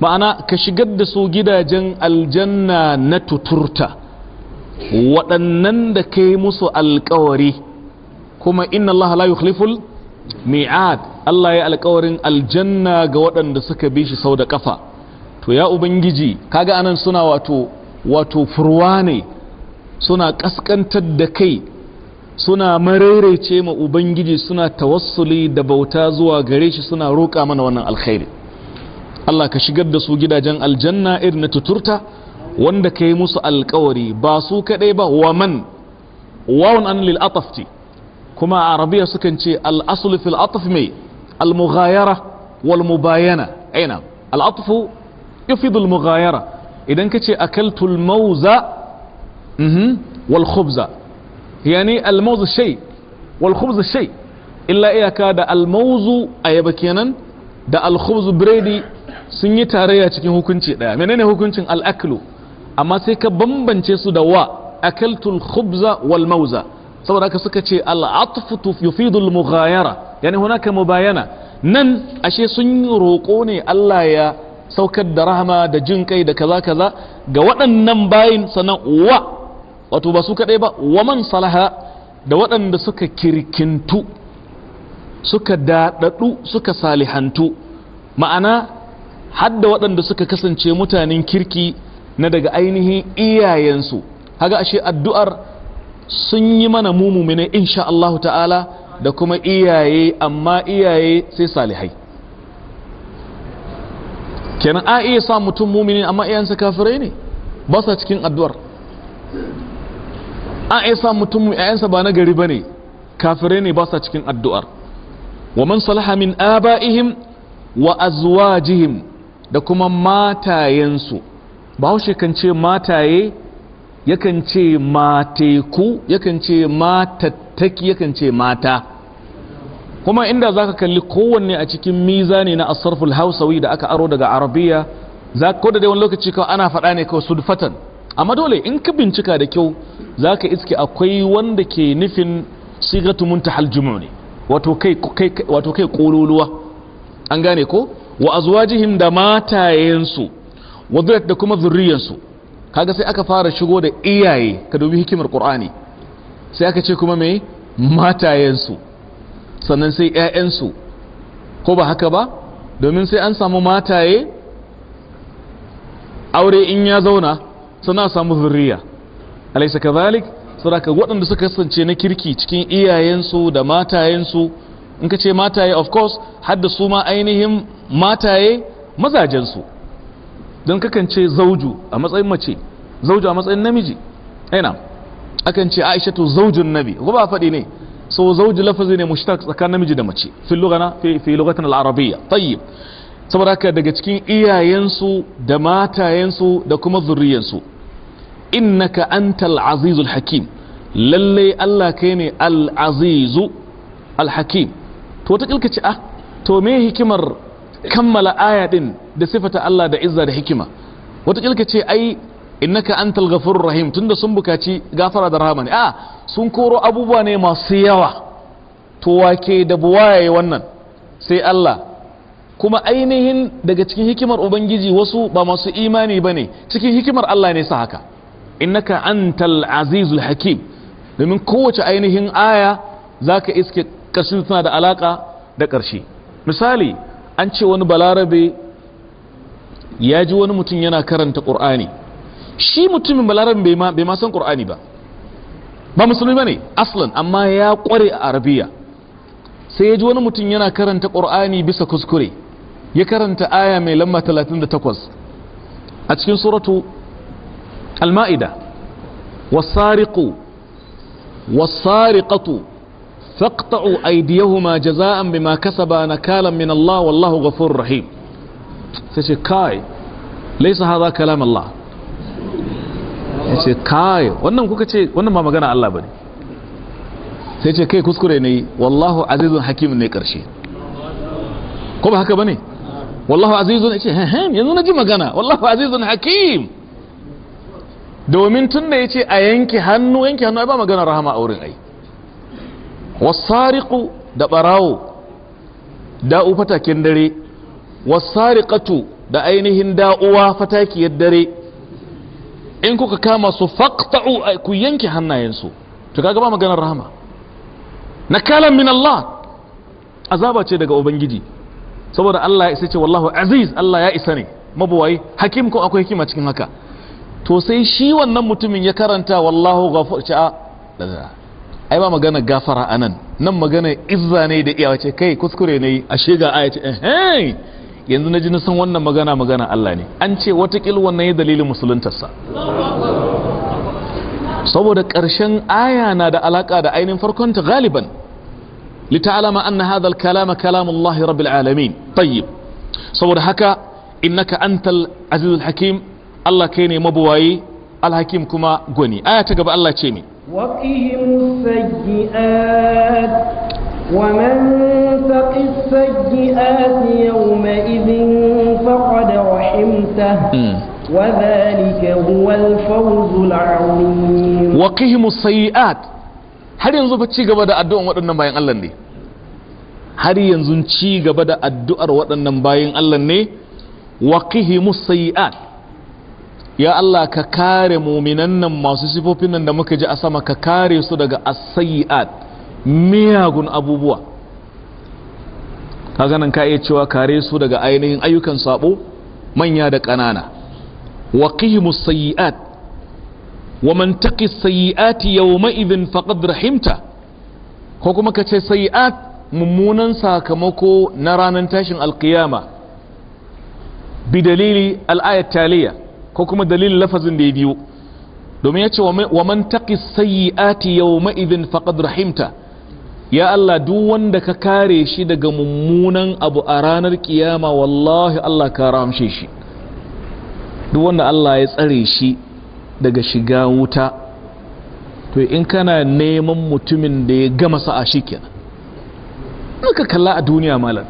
ma'ana ka shigar da su gidajen aljanna na tuturta waɗannan da ka yi musu alkawari kuma inna Allah la yukhliful mi'ad Allah ya alkawarin aljanna ga waɗanda suka bi shi sau da ƙafa. to ya ubangiji kaga anan suna wato wato furwa ne suna ƙasƙantar da kai suna maraice ma ubangiji suna tawassuli da bauta zuwa gare shi suna roƙa mana wannan alkhairi Allah ka shigar da su gidajen aljanna irin na tuturta wanda ka yi musu alkawari ba su kaɗai ba wa man wawan an lil atafti kuma a arabiya sukan ce al'asul fil ataf mai al-mughayara wal mubayana aina al'atufu yufidu al-mughayara idan ka ce akaltul mauza mhm, wal khubza yani almawzu shay wal khubzu illa iyaka da almauzu ayaba kenan da alkhubzu biredi sun yi tarayya cikin hukunci ɗaya menene hukuncin al'aklu amma sai ka bambance su da wa akaltul khubza wal saboda haka suka ce al'atfu yufidu al-mughayara yani hunaka mubayana nan ashe sun yi roƙo ne Allah ya saukar da rahama da jin kai da kaza kaza ga waɗannan bayin sanan wa wato ba su kaɗai ba waman salaha da waɗanda suka kirkintu suka daɗaɗu suka salihantu ma'ana hadda waɗanda suka kasance mutanen kirki na daga ainihin iyayensu haga ashe addu'ar sun yi mana mumumine insha Allahu ta'ala da kuma iyaye amma iyaye sai salihai kenan a iya sa mutum mumini amma iyansa kafirai ne ba sa cikin addu'ar a sa mutum ƴaƴansa ba na gari bane kafirai ne ba sa cikin addu'ar wa man salaha min aba'ihim wa azwajihim da kuma matayensu bahaushe kan ce mataye yakan ce mateku yakan ce matattaki yakan ce mata kuma inda zaka kalli kowanne a cikin mizani na asarful hausawi da aka aro daga arabiya za ko da dai wani lokaci kawai ana faɗa ne kawai sudfatan amma dole in ka bincika da kyau za ka iske akwai wanda ke nufin sigatu muntahal jumu ne wato kai kololuwa an gane ko wa azwajihim da matayensu wa da kuma zurriyansu kaga sai aka fara shigo da iyaye ka dubi hikimar qur'ani sai aka ce kuma mai matayensu sannan sai ƴaƴansu ko ba haka ba domin sai an samu mataye aure in ya zauna sannan a samu zurriya alaisa kazalik saboda waɗanda suka kasance na kirki cikin iyayensu da matayensu in ka ce mataye of course hadda su ma ainihin mataye mazajensu don kakan ce zauju a matsayin mace zauju a matsayin namiji aina akan ce aisha to zaujin nabi guba faɗi ne so zauju lafazi ne mushtar tsakanin namiji da mace fi lugana fi lugatan al tayyib saboda haka daga cikin iyayensu da matayensu da kuma zurriyensu innaka antal azizul hakim lalle Allah kai ne al azizu al hakim to ta kilkace ah to me hikimar kammala aya din da sifata Allah da izza da hikima wata kilkace ai innaka antal ghafurur rahim tunda sun bukaci gafara da rahama ne a ah, sun koro abubuwa ne masu yawa to wake da buwaye wannan sai Allah kuma ainihin daga cikin hikimar ubangiji wasu ba masu imani bane cikin hikimar Allah ne sa haka innaka antal azizul hakim domin kowace ainihin aya zaka iske ƙarshen tana da alaka da ƙarshe misali an ce wani balarabe ya ji wani mutum yana karanta ƙur'ani shi mutumin balarabe bai ma san ƙur'ani ba ba musulmi ba ne aslan amma ya ƙware a arabiya sai ya ji wani mutum yana karanta ƙur'ani bisa kuskure ya karanta aya mai lamba 38 a cikin suratu المائدة والسارق والسارقة فاقطعوا أيديهما جزاء بما كسبا نكالا من الله والله غفور رحيم سيشي كاي ليس هذا كلام الله سيشي كاي wannan kuka ce wannan ba magana Allah bane sai ce kai kuskure ne wallahu azizun hakim ne karshe ko ba haka bane wallahu azizun ce yanzu na ji magana wallahu azizun hakim domin tun da ya ce a yanke hannu yanke hannu ba magana rahama a wurin ai wasariku da barawo da'u fatakin dare wasarikatu da ainihin da'uwa fatakiyar dare in kuka kama su a ku yanke hannayensu to kaga ba maganar rahama na kalan min Allah azaba ce daga ubangiji saboda Allah ya isa ce wallahu aziz Allah ya isa ne mabuwayi hakim ko akwai hikima cikin haka to sai shi wannan mutumin ya karanta wallahu ghafur sha'a ah, ai ba magana gafara anan nan magana izza ne da iya wace kai kuskure ne a shiga aya ce eh yanzu na ji na san wannan magana magana Allah ne an ce kil wannan ya dalilin musuluntarsa saboda karshen aya na da alaka da ainihin farkon ta galiban litalama anna hadha al-kalama Allah rabbil alamin tayyib saboda haka innaka antal azizul hakim Allah kai ne mabuwayi alhakim kuma gwani aya ta gaba Allah ce ne waqihimus sayyi'at ومن تق السيئات يومئذ فقد رحمته وذلك هو الفوز العظيم وقهم السيئات har yanzu fa ci gaba da addu'ar waɗannan bayan Allah ne har yanzu ci gaba da addu'ar waɗannan bayan Allah ne waqihimus sayi'at ya Allah ka kare muminan nan masu sifofin nan da muka ji a sama ka kare su daga asayi'at miyagun abubuwa ka ganin ka iya cewa kare su daga ainihin ayyukan sabo manya da ƙanana wa qihimu sayi'at wa man taqi yau yawma idhin faqad rahimta ko kuma ka ce sayi'at mummunan sakamako na ranar tashin alqiyama bi dalili ayat taliya ko kuma dalilin lafazin da ya biyo domin ya ce wa man taqi sayyi'ati yawma idhin faqad rahimta ya Allah duk wanda ka kare shi daga mummunan abu a ranar ƙiyama wallahi Allah ka ramshe shi duk wanda Allah ya tsare shi daga shiga wuta to in kana neman mutumin da ya gama sa'a shikenan muka kalla a duniya malam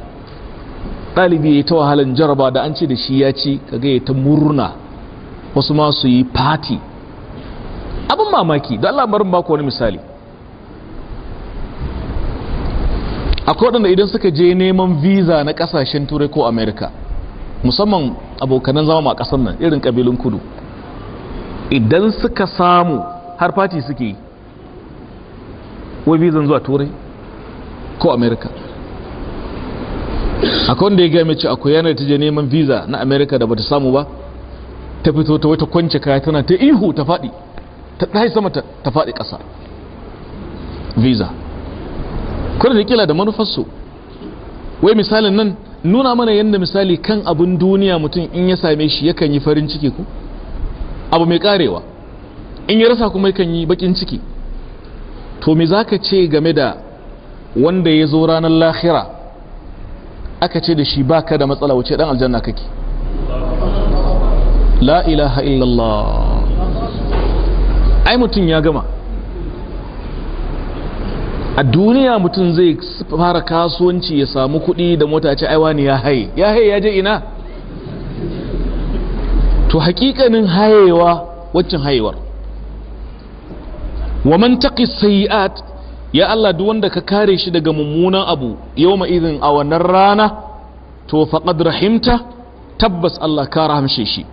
ɗalibi ya yi ta wahalar jaraba da an ce da shi ya ci kaga ya ta murna wasu ma su yi fati abin mamaki da Allah barin baku wani misali akwai waɗanda idan suka je neman visa na ƙasashen turai ko amerika musamman abokanan zama a ƙasar nan irin ƙabilun kudu idan suka samu har fati suke yi wai vizan zuwa turai ko amerika akwai wanda ya gami ce akwai yanar ta je neman visa na amerika da bata samu ba ta fito ta wata kwance kaya tana ta ihu ta faɗi ta ɗaya sama ta faɗi ƙasa visa kwanar da kila da manufarsu wai misalin nan nuna mana yadda misali kan abin duniya mutum in ya same shi yakan yi farin ciki ku abu mai ƙarewa in ya rasa kuma yakan yi bakin ciki to me za ka ce game da wanda ya zo ranar lahira aka ce da shi ba ka da matsala wuce dan aljanna kake la ilaha illallah ai mutum ya gama a duniya mutum zai fara kasuwanci ya samu kuɗi da mota ce aiwa ne ya haye ya haye ya je ina to hakikanin hayewa waccan hayewar wa man taqi sayi'at ya Allah duk wanda ka kare shi daga mummunan abu yawma idin a wannan rana to faqad rahimta tabbas Allah ka rahamshe shi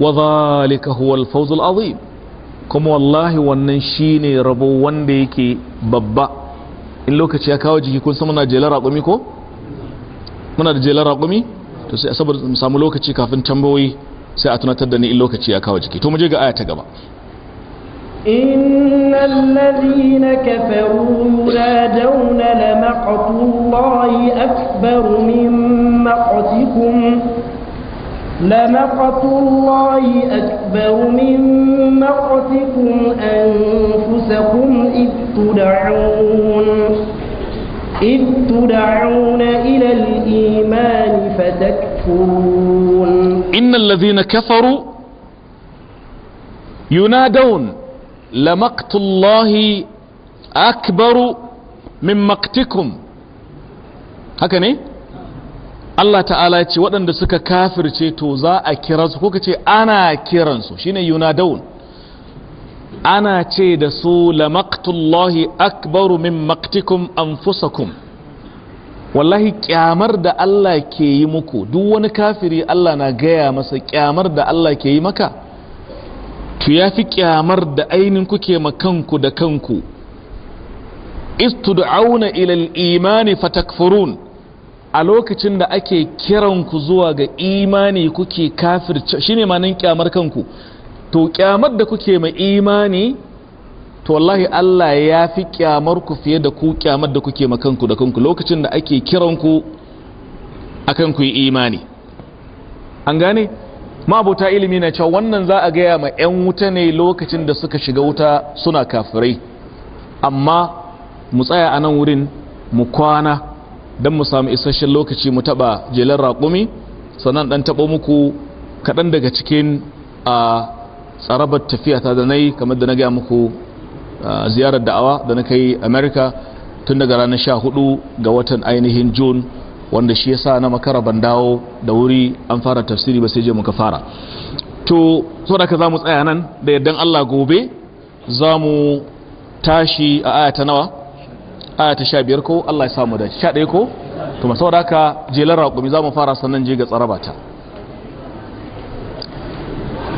wa zalika huwa al-fawz al-azim kuma wallahi wannan shine rabo wanda yake babba in lokaci ya kawo jiki kun san muna jelar raqumi ko muna da jelar raqumi to sai saboda mu samu lokaci kafin tambayoyi sai a tunatar da ni in lokaci ya kawo jiki to mu je ga aya ta gaba إن الذين كفروا ينادون لمقت الله أكبر من مقتكم لمقت الله أكبر من مقتكم أنفسكم إذ تدعون إذ تدعون إلى الإيمان فتكفرون إن الذين كفروا ينادون لمقت الله أكبر من مقتكم هكذا Allah ta'ala ce waɗanda suka kafirce to za a kiransu kuka ce ana kiransu shine yunadawun ana ce da su la akbaru min maqtikum anfusakum wallahi kyamar da Allah ke yi muku duk wani kafiri Allah na gaya masa kyamar da Allah ke yi maka ya fi kyamar da ainin kuke makanku da kanku istud'auna ila al-imani fatakfurun a lokacin da ake kiran ku zuwa ga imani kuke kafirce shine manin kyamar kanku to kyamar da kuke mai imani to wallahi Allah ya fi kyamar ku fiye da ku kyamar da kuke makanku da kanku lokacin da ake kiranku akan ku yi imani an gane ma'abota ilimi na cewa wannan za a gaya ma 'yan wuta ne lokacin da suka shiga wuta suna kafirai amma mu tsaya a nan wurin mu kwana don mu sami isasshen lokaci mu taɓa jelar raƙumi sannan ɗan taɓo muku kaɗan daga cikin a tsarabar tafiya ta da na yi kamar da na gaya muku ziyarar da'awa da na kai Amerika. tun daga ranar sha hudu ga watan ainihin june wanda shi yasa na makara ban dawo da wuri an fara tafsiri ba sai je muka fara to so da ka za mu tsaya nan da yardan allah gobe za mu tashi a aya ta nawa ayata ta sha biyar ko Allah ya samu da sha ɗaya ko to masu ka jelar raƙumi za mu fara sannan je ga tsarabata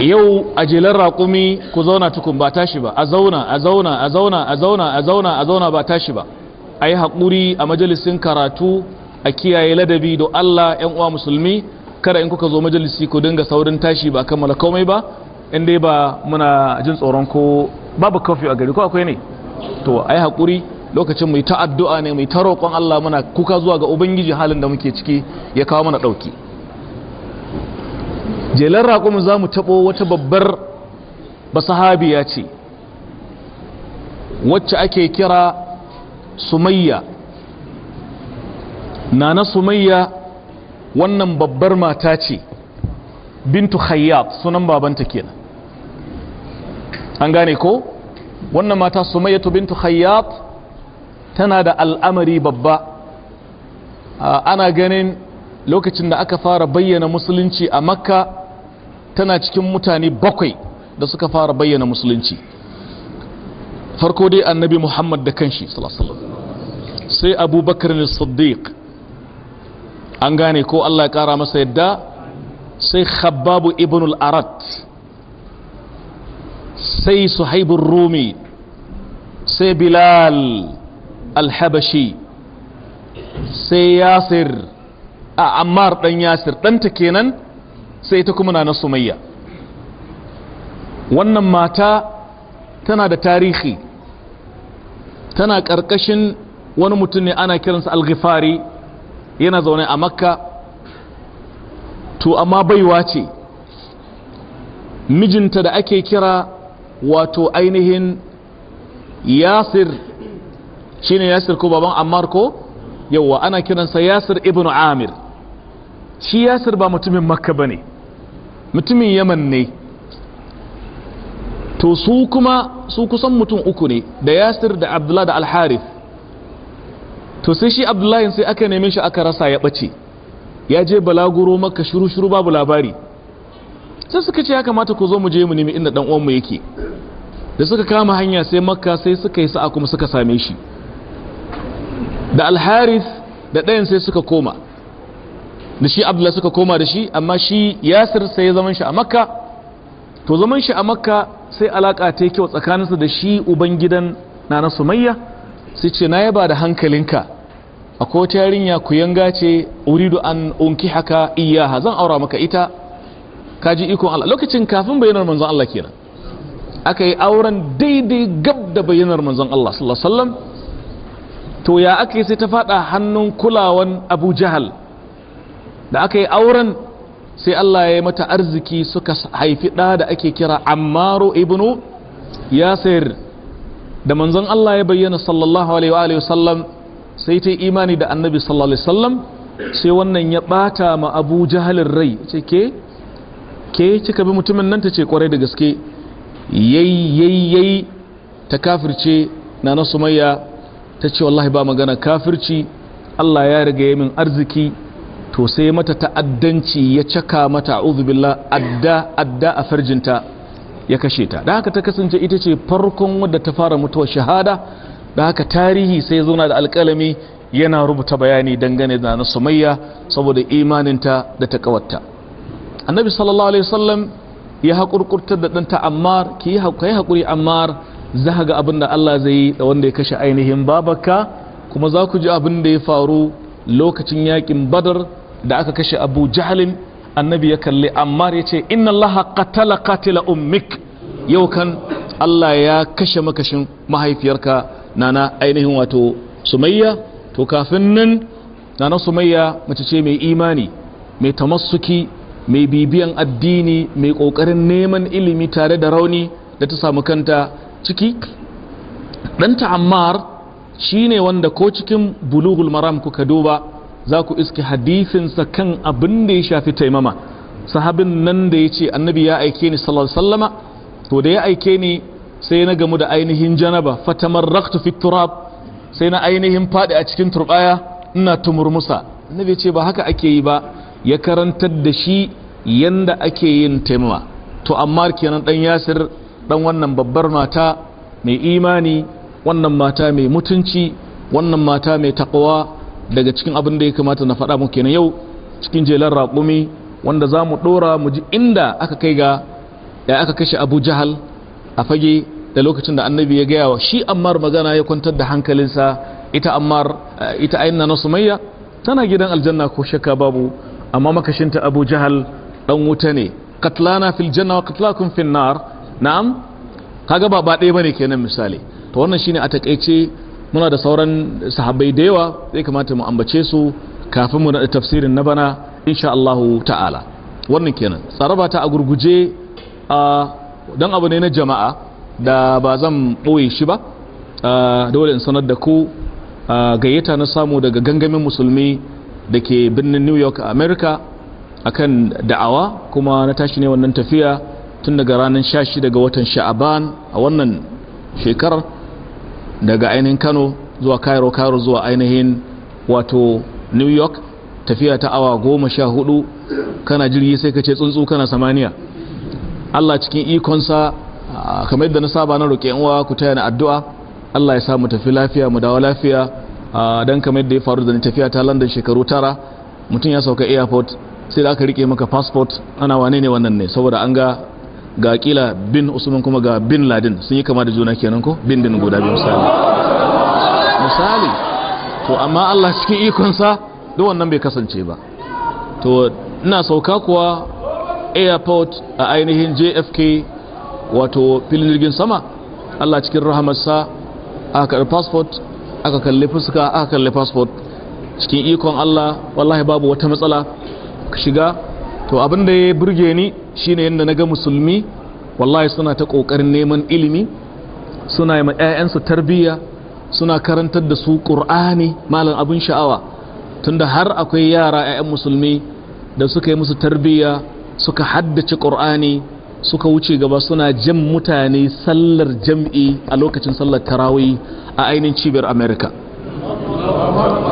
yau a jelar raƙumi ku zauna tukun ba tashi ba a zauna a zauna a zauna a zauna a zauna a zauna ba tashi ba a yi haƙuri a majalisin karatu a kiyaye ladabi don Allah 'yan uwa musulmi kada in kuka zo majalisi ku dinga saurin tashi ba kammala komai ba in dai ba muna jin tsoron ko babu kafi a gari ko akwai ne to a yi haƙuri lokacin mu ta addu'a ne mai ta roƙon Allah muna kuka zuwa ga ubangiji halin da muke ciki ya kawo mana ɗauki jelar raƙumin za mu taɓo wata babbar basahabiya ce wacce ake kira sumayya nana sumayya wannan babbar mata ce bintu khayyat sunan babanta kenan an gane ko wannan mata sumayyatu bintu khayyat tana da al'amari babba ana ganin lokacin da aka fara bayyana musulunci a makka tana cikin mutane bakwai da suka fara bayyana musulunci farko dai annabi muhammad da kanshi sai abubakar ne Sadiq an gane ko allah ya kara masa yadda sai khababu ibn al-arat sai suhaibun rumi sai bilal alhabashi sai yasir a ammar dan yasir ɗanta kenan sai ta kuma na sumayya wannan mata tana da tarihi tana ƙarƙashin wani mutum ne ana kiransa alghifari yana zaune a makka to amma baiwa ce mijinta da ake kira wato ainihin yasir shine yasir ko baban ammar ko yawa ana kiransa yasir ibn amir shi yasir ba mutumin makka bane mutumin yaman ne to su kuma su kusan mutum uku ne da yasir da abdullahi da alharif to sai shi abdullahi sai aka neme shi aka rasa ya bace ya je balaguro maka shiru-shiru babu labari sai suka ce ya kamata ku zo mu je mu nemi inda dan uwanmu yake da suka kama hanya sai makka sai suka yi sa'a kuma suka same shi da alharis da ɗayan sai suka koma da shi abdullahi suka koma da shi amma shi yasir sai ya zaman shi a makka to zaman shi a makka sai alaka ta yi kyau tsakaninsa da shi ubangidan na na sumayya sai ce na yaba da hankalinka a kowace yarinya ku yanga ce uridu an unki haka iyaha zan aura maka ita ka ji ikon Allah lokacin kafin bayanar manzon Allah kenan aka yi auren daidai gab da bayyanar manzon Allah sallallahu to ya ake sai ta fada hannun kulawan abu jahal da aka yi auren sai Allah ya yi mata arziki suka haifi ɗa da ake kira ammaru ibnu yasir da manzon Allah ya bayyana sallallahu alaihi wa sallam sai ta yi imani da annabi sallallahu alaihi sallam sai wannan ya ɓata ma abu jahalin rai ce ke ke cika bi mutumin nan ta ce kwarai da gaske yayi ta kafirce na na sumayya ta ce wallahi ba magana kafirci Allah ya riga ya min arziki to sai mata ta'addanci ya caka mata uzubillah adda adda a farjinta ya kashe ta da haka ta kasance ita ce farkon wadda ta fara mutuwa shahada da haka tarihi sai ya zauna da alƙalami yana rubuta bayani dangane da na sumayya saboda imaninta da ta kawatta annabi sallallahu alaihi wasallam ya haƙurƙurtar da ɗanta ammar ki haƙuri ammar za ga abin da Allah zai yi da wanda ya kashe ainihin babaka kuma za ku ji abin da ya faru lokacin yakin badar da aka kashe abu jahalin annabi ya kalli amma ya ce inna Allah qatala qatila ummik yau kan Allah ya kashe makashin mahaifiyarka nana ainihin wato sumayya to kafin nan nana sumayya mace ce mai imani mai tamassuki mai bibiyan addini mai kokarin neman ilimi tare da rauni da ta samu kanta ciki ɗanta ammar shine wanda ko cikin bulughul maram kuka duba za ku iske hadisinsa kan abin da ya shafi taimama sahabin nan da ya ce annabi ya aike ni sallallahu to da ya aike ni sai na gamu da ainihin janaba fatamarraktu fi turab sai na ainihin faɗi a cikin turbaya ina tumurmusa annabi ce ba haka ake yi ba ya karantar da shi yanda ake yin taimama to amma kenan dan yasir dan wannan babbar mata mai imani wannan mata mai mutunci wannan mata mai takwa daga cikin abin da ya kamata na faɗa muke na yau cikin jelar raƙumi wanda za mu ɗora mu ji inda aka kai ga ya aka kashe abu jahal a fage da lokacin da annabi ya gaya wa shi ammar magana ya kwantar da hankalinsa ita ammar eh, ita ayyana na sumayya tana gidan aljanna ko shakka babu amma makashinta abu jahal dan wuta ne katlana fil janna wa katlakum fil nar na'am kaga ba ba ɗaya bane kenan misali to wannan shine a takaice muna da sauran sahabbai da yawa zai kamata mu ambace su kafin mu da tafsirin na bana insha Allah ta'ala wannan kenan tsaraba ta a gurguje a dan abu ne na jama'a da ba zan boye shi ba dole in sanar da ku gayyata na samu daga gangamin musulmi da ke birnin New York a America akan da'awa kuma na tashi ne wannan tafiya tun daga ranar shashi daga watan sha'aban a wannan shekarar daga ainihin kano zuwa cairo cairo zuwa ainihin wato new york tafiya ta awa goma sha hudu kana jirgi sai ka ce tsuntsu kana samaniya allah cikin ikonsa ah, kamar yadda na saba na roƙe uwa ku taya na addu'a allah ya samu tafi lafiya mu dawo lafiya ah, don kamar yadda ya faru da ni tafiya ta london shekaru tara mutum ya sauka airport sai da aka rike maka passport ana wane ne wannan ne saboda an ga ga kila bin usman kuma ga bin ladin sun yi kama da juna kenan ko bin din guda biyu misali misali to amma Allah cikin ikonsa duk wannan bai kasance ba to ina sauka kuwa airport a ainihin JFK wato filin jirgin sama Allah cikin rahamarsa aka kalli passport aka kalli fuska aka kalli passport cikin ikon Allah wallahi babu wata matsala shiga to abin da ya burge ni shine yadda na ga musulmi wallahi suna ta ƙoƙarin neman ilimi suna yi ma tarbiyya suna karantar da su ƙur'ani malam abin sha'awa tunda har akwai yara 'ya'yan musulmi da suka yi musu tarbiyya suka haddace ƙur'ani suka wuce gaba suna jan mutane sallar jam'i a lokacin sallar tarawih a ainihin cibiyar america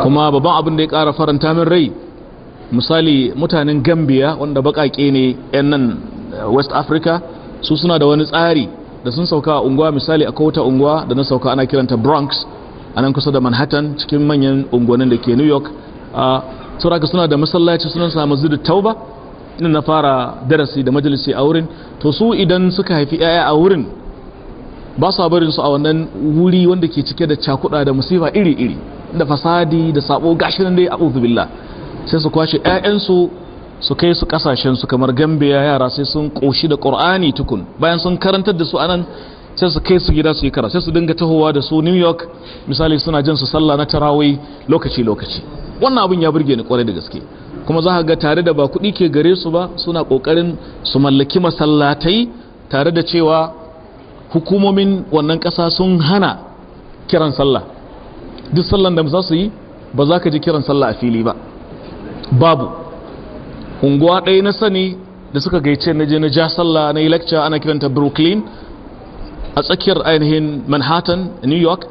kuma babban abin da ya ƙara faranta min rai misali mutanen gambia wanda baƙaƙe ne 'yan nan eh, west africa su suna da wani tsari da sun sauka a unguwa misali a kowata unguwa da na sauka ana kiranta bronx a nan kusa da manhattan cikin manyan unguwannin da ke new york ah, a suna da masallaci sunan samu da tauba ina na fara darasi da majalisi a wurin to su idan suka haifi 'ya'ya a wurin ba su barin su a wannan wuri wanda ke cike da cakuda da musifa iri-iri da fasadi da sabo gashi nan dai a billah sai su kwashe 'ya'yansu su kai su kasashen su kamar gambe gambiya yara sai sun koshi da ƙorani tukun bayan sun karantar da su anan sai su kai su gida su yi kara sai su dinga tahowa da su new york misali suna jin su sallah na tarawai lokaci lokaci wannan abin ya burge ni kwarai da gaske kuma za ka ga tare da ba kuɗi ke gare su ba suna ƙoƙarin su mallaki masallatai tare da cewa hukumomin wannan ƙasa sun hana kiran sallah duk sallan da za su yi ba za ka ji kiran sallah a fili ba babu unguwa ɗaya na sani da suka gaice na je na ja sallah na yi lecture ana kiranta brooklyn a tsakiyar ainihin manhattan new york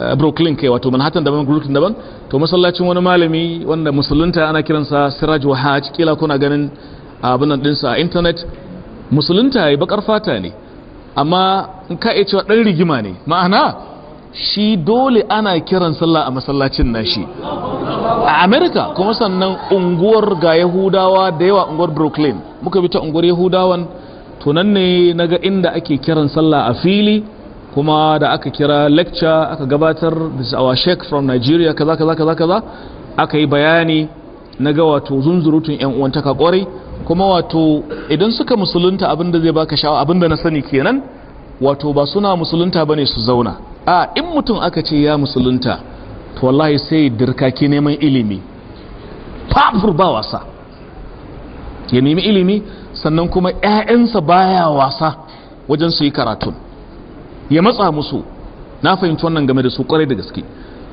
eh, brooklyn kai wato manhattan daban brooklyn daban to masallacin wani malami wanda musulunta ana kiransa siraj wahaj kila kuna ganin ah, abin nan dinsa a intanet musulunta ya yi bakar fata ne amma in ka iya cewa ɗan rigima ne ma'ana shi dole ana kiran sallah a masallacin nashi a america kuma sannan unguwar ga yahudawa da yawa unguwar brooklyn muka bi ta unguwar yahudawan tunan ne naga inda ake kiran sallah a fili kuma da aka kira lecture aka gabatar this is our sheikh from nigeria kaza kaza kaza kaza aka yi bayani na ga wato zunzurutun yan uwantaka kwarai kuma wato idan suka musulunta abinda zai baka sha'awa abinda na sani kenan wato ba suna musulunta bane su zauna a in mutum aka ce ya musulunta to wallahi sai dirkaki neman ilimi fafur ba wasa ya nemi ilimi sannan kuma 'ya'yansa baya wasa wajen su yi karatun ya matsa musu na fahimci wannan game da su kwarai da gaske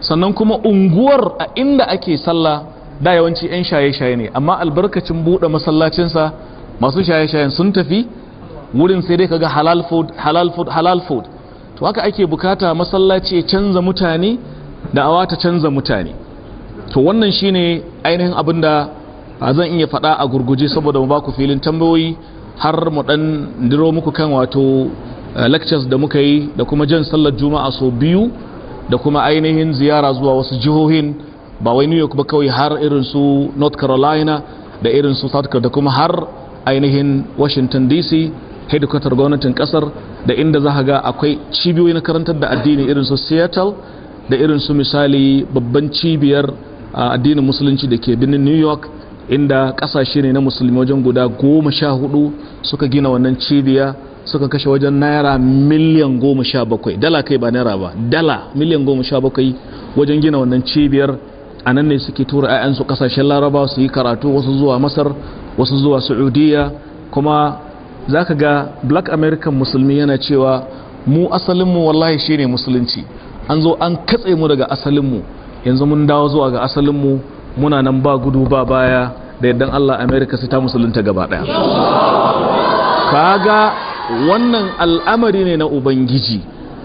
sannan kuma unguwar a inda ake sallah da yawanci 'yan shaye-shaye ne amma albarkacin buɗe masallacinsa masu shaye-shayen sun tafi wurin sai dai kaga halal food halal food halal food to haka ake bukata masallaci ya canza mutane da awa ta canza mutane to wannan shine ainihin abin da zan iya faɗa a gurguje saboda mu ba ku filin tambayoyi har mu ɗan diro muku kan wato eh, lectures da muka yi da kuma jan sallar juma'a sau biyu da kuma ainihin ziyara zuwa wasu jihohin ba wai new york ba kawai har irin su north carolina da irin su south carolina da kuma har ainihin washington dc hedikwatar gwamnatin kasar da inda za ka ga akwai cibiyoyi na karantar da addini irin su seattle da irin su misali babban cibiyar addinin musulunci da ke birnin new york inda kasashe ne na musulmi wajen guda goma sha hudu suka gina wannan cibiya suka kashe wajen naira miliyan goma sha bakwai dala kai ba naira ba dala miliyan goma sha bakwai wajen gina wannan cibiyar a nan ne suke tura 'ya'yansu kasashen laraba su yi karatu wasu zuwa masar wasu zuwa saudiya kuma za ka ga black american musulmi yana cewa mu asalinmu wallahi shi ne musulunci an zo an katse mu daga asalinmu yanzu mun dawo zuwa ga asalinmu muna nan ba gudu ba baya da yadda allah america su ta musulunta gaba daya kaga wannan al'amari ne na ubangiji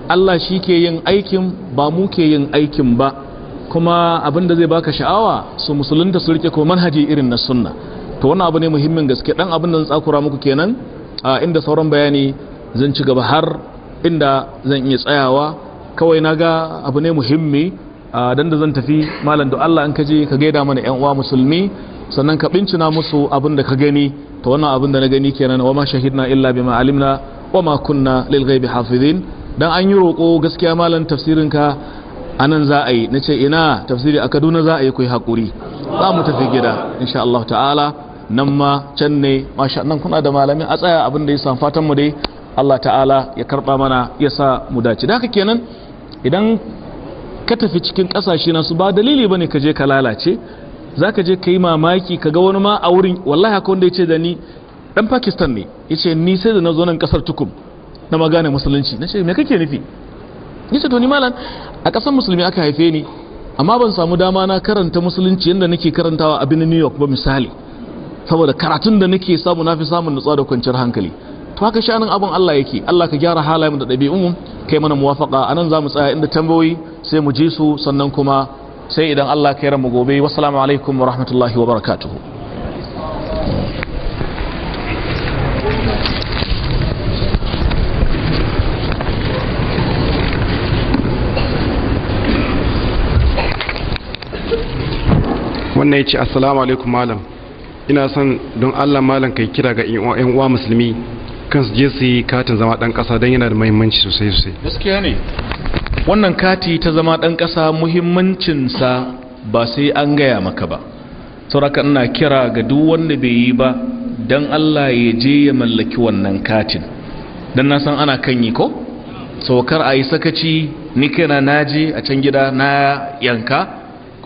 allah shi ke yin aikin ba mu ke yin aikin ba kuma abinda zai baka sha'awa su musulunta su rike ko manhaji irin na sunna to wani abu ne muhimmin gaske dan abin da tsakura muku kenan inda sauran bayani zan ci gaba har inda zan iya tsayawa kawai na ga abu ne muhimmi don da zan tafi malam da Allah an ka je ka gaida mana yan uwa musulmi sannan ka bincina musu abin da ka gani ta wannan abin da na gani kenan wa ma shahidna illa bima alimna wa ma kunna lil ghaibi hafizin dan an yi roko gaskiya malam tafsirin ka anan za a yi ce ina tafsiri a Kaduna za a yi ku hakuri za mu tafi gida insha Allah ta'ala nan ma can ne masha nan kuna da malamin a tsaya abin da ya samu fatan mu dai Allah ta'ala ya karba mana ya sa mu dace da haka kenan idan ka tafi cikin kasashe nasu ba dalili ba ne ka je ka lalace za ka je ka yi mamaki ka ga wani ma a wurin wallahi haka wanda ya ce da ni dan Pakistan ne ya ce ni sai da na zo nan kasar tukum na magana musulunci na ce me kake nufi ni ce to ni malam a kasar musulmi aka haife ni amma ban samu dama na karanta musulunci yadda nake karantawa a birnin New York ba misali saboda karatun da nake samu na fi samun nutsuwa da kwanciyar hankali to haka shanin abin Allah yake Allah ka gyara halayen da dabi'un mu kai mana muwafaka anan zamu tsaya inda tambayoyi sai mu ji su sannan kuma sai idan Allah ka yarda mu gobe assalamu alaikum wa rahmatullahi wa barakatuh wannan ya ce assalamu alaikum malam ina son don allah malam kai kira ga yan uwa musulmi kan su je su yi katin zama dan kasa don yana da muhimmanci sosai sosai gaskiya ne wannan kati ta zama dan kasa muhimmancinsa ba sai an gaya maka ba sauraka ina kira ga duk wanda bai yi ba don allah ya je ya mallaki wannan katin don na san ana kan yi ko saukar a yi sakaci ni na naje a can gida na yanka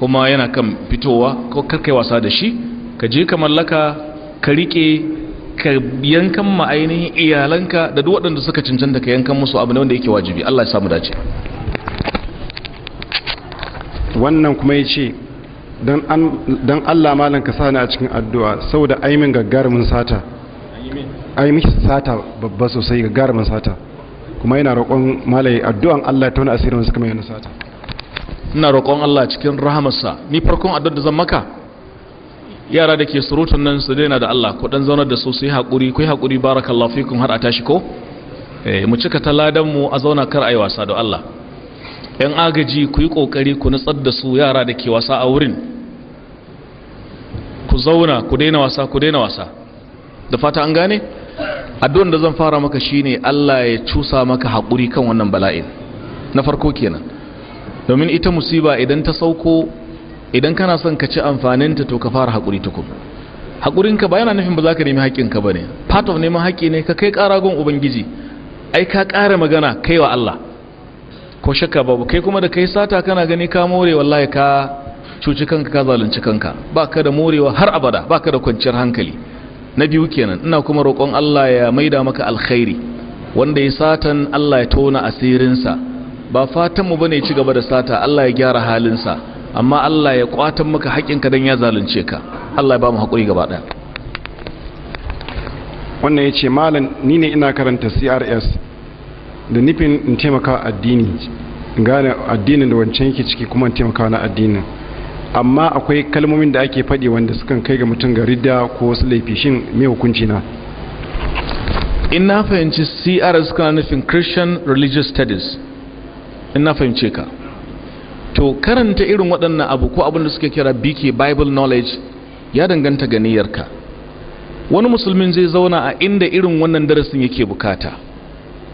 kuma yana kan fitowa ko karkai wasa da shi ka je ka mallaka ka rike ka yankan ma ainihin iyalanka da duk waɗanda suka cancanta ka yankan musu abu ne wanda yake wajibi Allah ya samu dace wannan kuma ya ce don Allah malam ka sani a cikin addu'a saboda aimin gaggarmin sata aimin sata babba sosai gagarumin sata kuma yana roƙon malai addu'an Allah ta wani asirin wasu kama yana sata ina roƙon Allah cikin rahamarsa ni farkon addu'ar da zan maka yara da ke surutun nan su daina da Allah ko dan zaunar da su su yi haƙuri ku yi haƙuri barakallahu fikum har a tashi ko eh, mu cika taladan mu a zauna kar a yi wasa da Allah yan agaji ku yi ƙoƙari ku nutsar da su yara da ke wasa a wurin ku zauna ku daina wasa ku daina wasa da fata an gane addu'an da zan fara maka shine Allah ya cusa maka haƙuri kan wannan bala'in na farko kenan domin ita musiba idan ta sauko idan kana son ka ci amfaninta to ka fara haƙuri tukun haƙurinka ba yana nufin ba za ka nemi haƙƙinka ba ne part of neman haƙƙi ne ka kai ƙara ubangiji ai ka ƙara magana kai wa Allah ko shakka babu kai kuma da kai sata kana gani ka more wallahi ka cuci kanka ka zalunci kanka ba ka da morewa har abada ba ka da kwanciyar hankali na biyu kenan ina kuma roƙon Allah ya maida maka alkhairi wanda ya satan Allah ya tona asirinsa ba fatanmu mu bane ci gaba da sata Allah ya gyara halinsa amma Allah ya kwatan maka haƙinka don ya zalunce ka Allah ya ba mu haƙuri gaba ɗaya wannan ya ce malam ni ne ina karanta crs da nufin in taimaka addini gane addinin da wancan yake ciki kuma in taimaka na addinin amma akwai kalmomin da ake faɗi wanda sukan kai ga mutum ga ridda ko wasu laifi shin mai hukunci na in na fahimci crs kana nufin christian religious studies in na fahimce ka to karanta irin waɗannan abu ko abin da suke kira bk bible knowledge ya danganta ga niyyarka wani musulmin zai zauna a inda irin wannan darasin yake bukata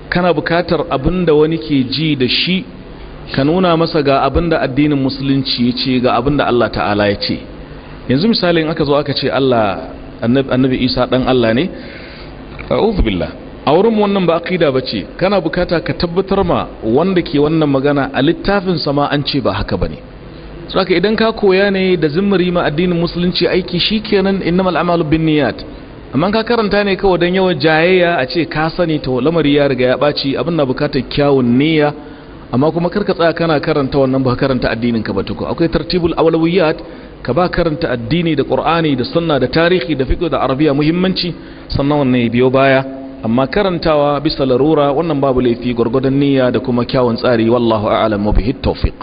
kana bukatar abin da wani ke ji da shi ka nuna masa ga abin da addinin musulunci ya ce ga abin da allah ta'ala ya ce yanzu misalin aka zo aka ce allah annabi isa ɗan allah ne a'udhu billah a wurin wannan ba aqida bace kana bukata ka tabbatar ma wanda ke wannan magana a littafin sama an ce ba haka bane saka idan ka koya ne da zimmiri ma addinin musulunci aiki shi shikenan innamal a'malu binniyat amma ka karanta ne kawai dan yawan jayayya a ce ka sani to lamari ya riga ya baci abin na bukatar kyawun niyya amma kuma karka tsaya kana karanta wannan ba karanta addinin ka ba tuko akwai tartibul awlawiyat ka ba karanta addini da qur'ani da sunna da tarihi da fiqh da arabiya muhimmanci sannan wannan ya biyo baya amma karantawa bisa larura wannan babu laifi gwargwadon niyya da kuma kyawun tsari wallahu a'lam wa bihi tawfiq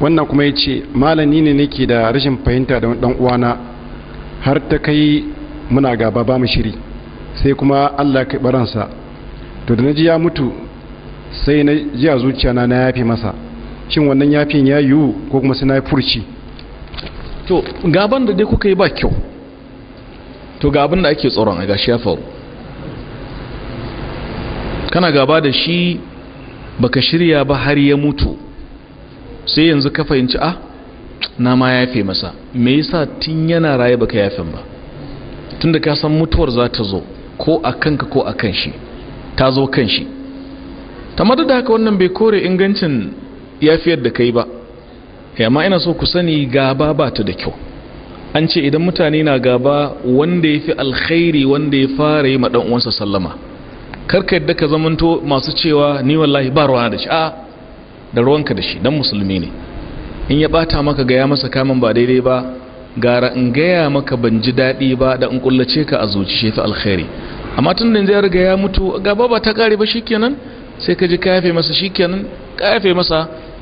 wannan kuma yace malami ne nake da rashin fahimta da dan uwana har ta kai muna gaba ba mu shiri sai kuma Allah ya baransa to da naji ya mutu sai na ji a zuciyana na yafe masa shin wannan yafin ya yiwu ko kuma sai na furci to gaban da dai kuka yi ba kyau to ga abin da ake tsoron a gashi ya faru kana gaba da shi baka shirya ba har ya mutu sai yanzu ka fahimci a ah, na ma yafe masa me yasa tun yana raye baka yafin ba tun da ka san mutuwar za ta zo ko a kanka ko a kan shi ta zo kan shi tamar da haka wannan bai kore ingancin yafiyar da kai ba yamma ina so ku sani gaba ba ta da kyau an ce idan mutane na gaba wanda ya fi alkhairi wanda ya fara yi maɗan'uwansa uwansa sallama karka yadda ka zamanto masu cewa ni wallahi ba ruwa da shi a da ruwanka da shi dan musulmi ne in ya bata maka gaya masa kamun ba daidai ba gara in gaya maka ban ji daɗi ba da in kullace ka a zuci shi fi alkhairi amma tun da ya riga ya mutu gaba ba ta kare ba shikenan sai ka ji ka yafe masa shikenan ka yafe masa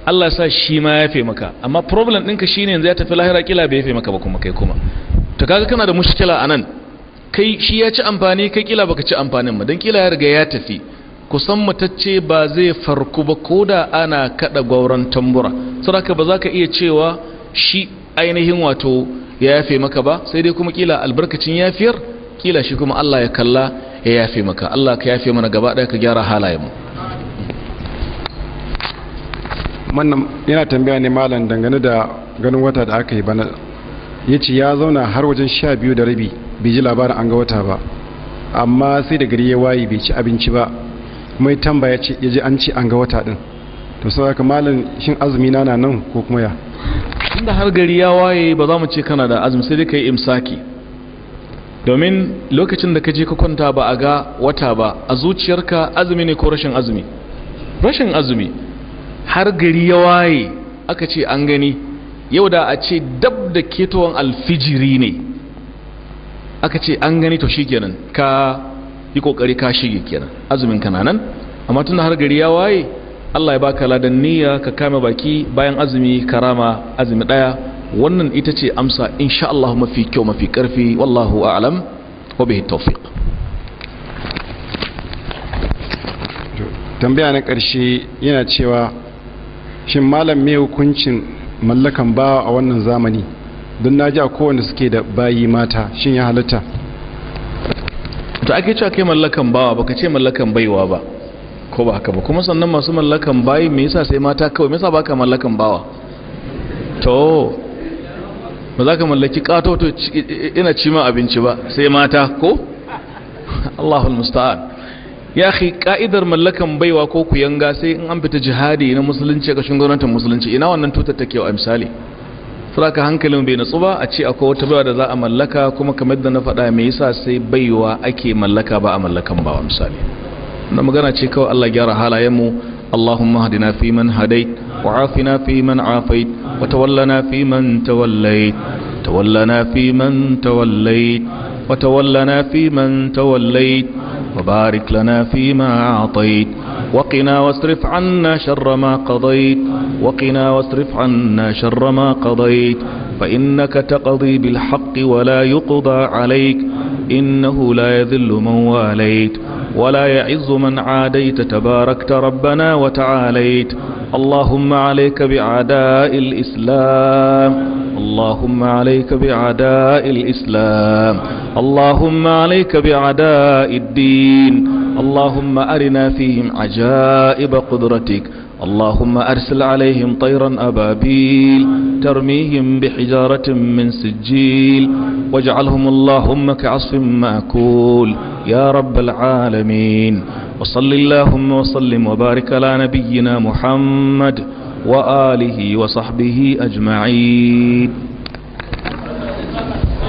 Allah sa shi ma ya fe maka amma problem ɗinka shi ne yanzu ya tafi lahira kila bai fe maka ba kuma kai kuma to kaga kana da mushkila a nan kai shi ya ci amfani kai kila baka ci amfanin ma don kila ya riga ya tafi kusan ce ba zai farku ba ko da ana kaɗa gwauron tambura Saraka ba za ka iya cewa shi ainihin wato ya yafe maka ba sai dai kuma kila albarkacin yafiyar kila shi kuma Allah ya kalla ya yafe maka Allah ka yafe mana gaba ɗaya ka gyara mu. wannan yana tambaya ne malam dangane da ganin wata da aka yi bana ya ce ya zauna har wajen sha biyu da rabi bai ji labarin an ga wata ba amma sai da gari ya waye bai ci abinci ba mai tambaya ce ya ji an ci an ga wata din to sau haka malam shin azumi na nan ko kuma ya tunda har gari ya waye ba za mu ce kana da azumi sai dai ka yi imsaki domin lokacin da ka je ka kwanta ba a ga wata ba a zuciyarka azumi ne ko rashin azumi rashin azumi har gari ya waye aka ce an gani yau da a ce dab da ketowar alfijiri ne aka ce an gani to shi kenan ka yi kokari ka shige kenan azumin kananan amma tun har gari ya waye Allah ya baka ladan niyya ka kama baki bayan azumi karama azumi daya wannan ita ce amsa insha Allah mafi kyau mafi karfi wallahu a'lam wa bihi tawfiq tambaya na karshe yana cewa shin malam me hukuncin mallakan bawa a wannan zamani don na ji a kowane suke da bayi mata shin ya halatta to ake cewa kai mallakan bawa baka ce mallakan baiwa ba ko ba haka ba kuma sannan masu mallakan bayi me yasa sai mata kawai me yasa baka mallakan bawa to ba za ka mallaki kato to ina ci abinci ba sai mata ko Allahul musta'an ya fi ka'idar mallakan baiwa ko yanga sai in an fita jihadi na musulunci ga gwamnatin musulunci ina wannan tutar take wa misali saboda hankalin bai natsu ba a ce akwai wata baiwa da za a mallaka kuma kamar da na faɗa me yasa sai baiwa ake mallaka ba a mallakan ba misali na magana ce kawai Allah gyara halayen mu allahumma fi fi man wa man afait wa tawallana fi man tawallait tawallana fi man tawallait wa tawallana fi man tawallait وبارك لنا فيما أعطيت وقنا واصرف عنا شر ما قضيت وقنا واصرف عنا شر ما قضيت فإنك تقضي بالحق ولا يقضى عليك إنه لا يذل من واليت ولا يعز من عاديت تباركت ربنا وتعاليت اللهم عليك بأعداء الإسلام اللهم عليك بعداء الإسلام اللهم عليك بعداء الدين اللهم أرنا فيهم عجائب قدرتك اللهم أرسل عليهم طيرا أبابيل ترميهم بحجارة من سجيل واجعلهم اللهم كعصف مأكول يا رب العالمين وصل اللهم وسلم وبارك على نبينا محمد وآله وصحبه أجمعين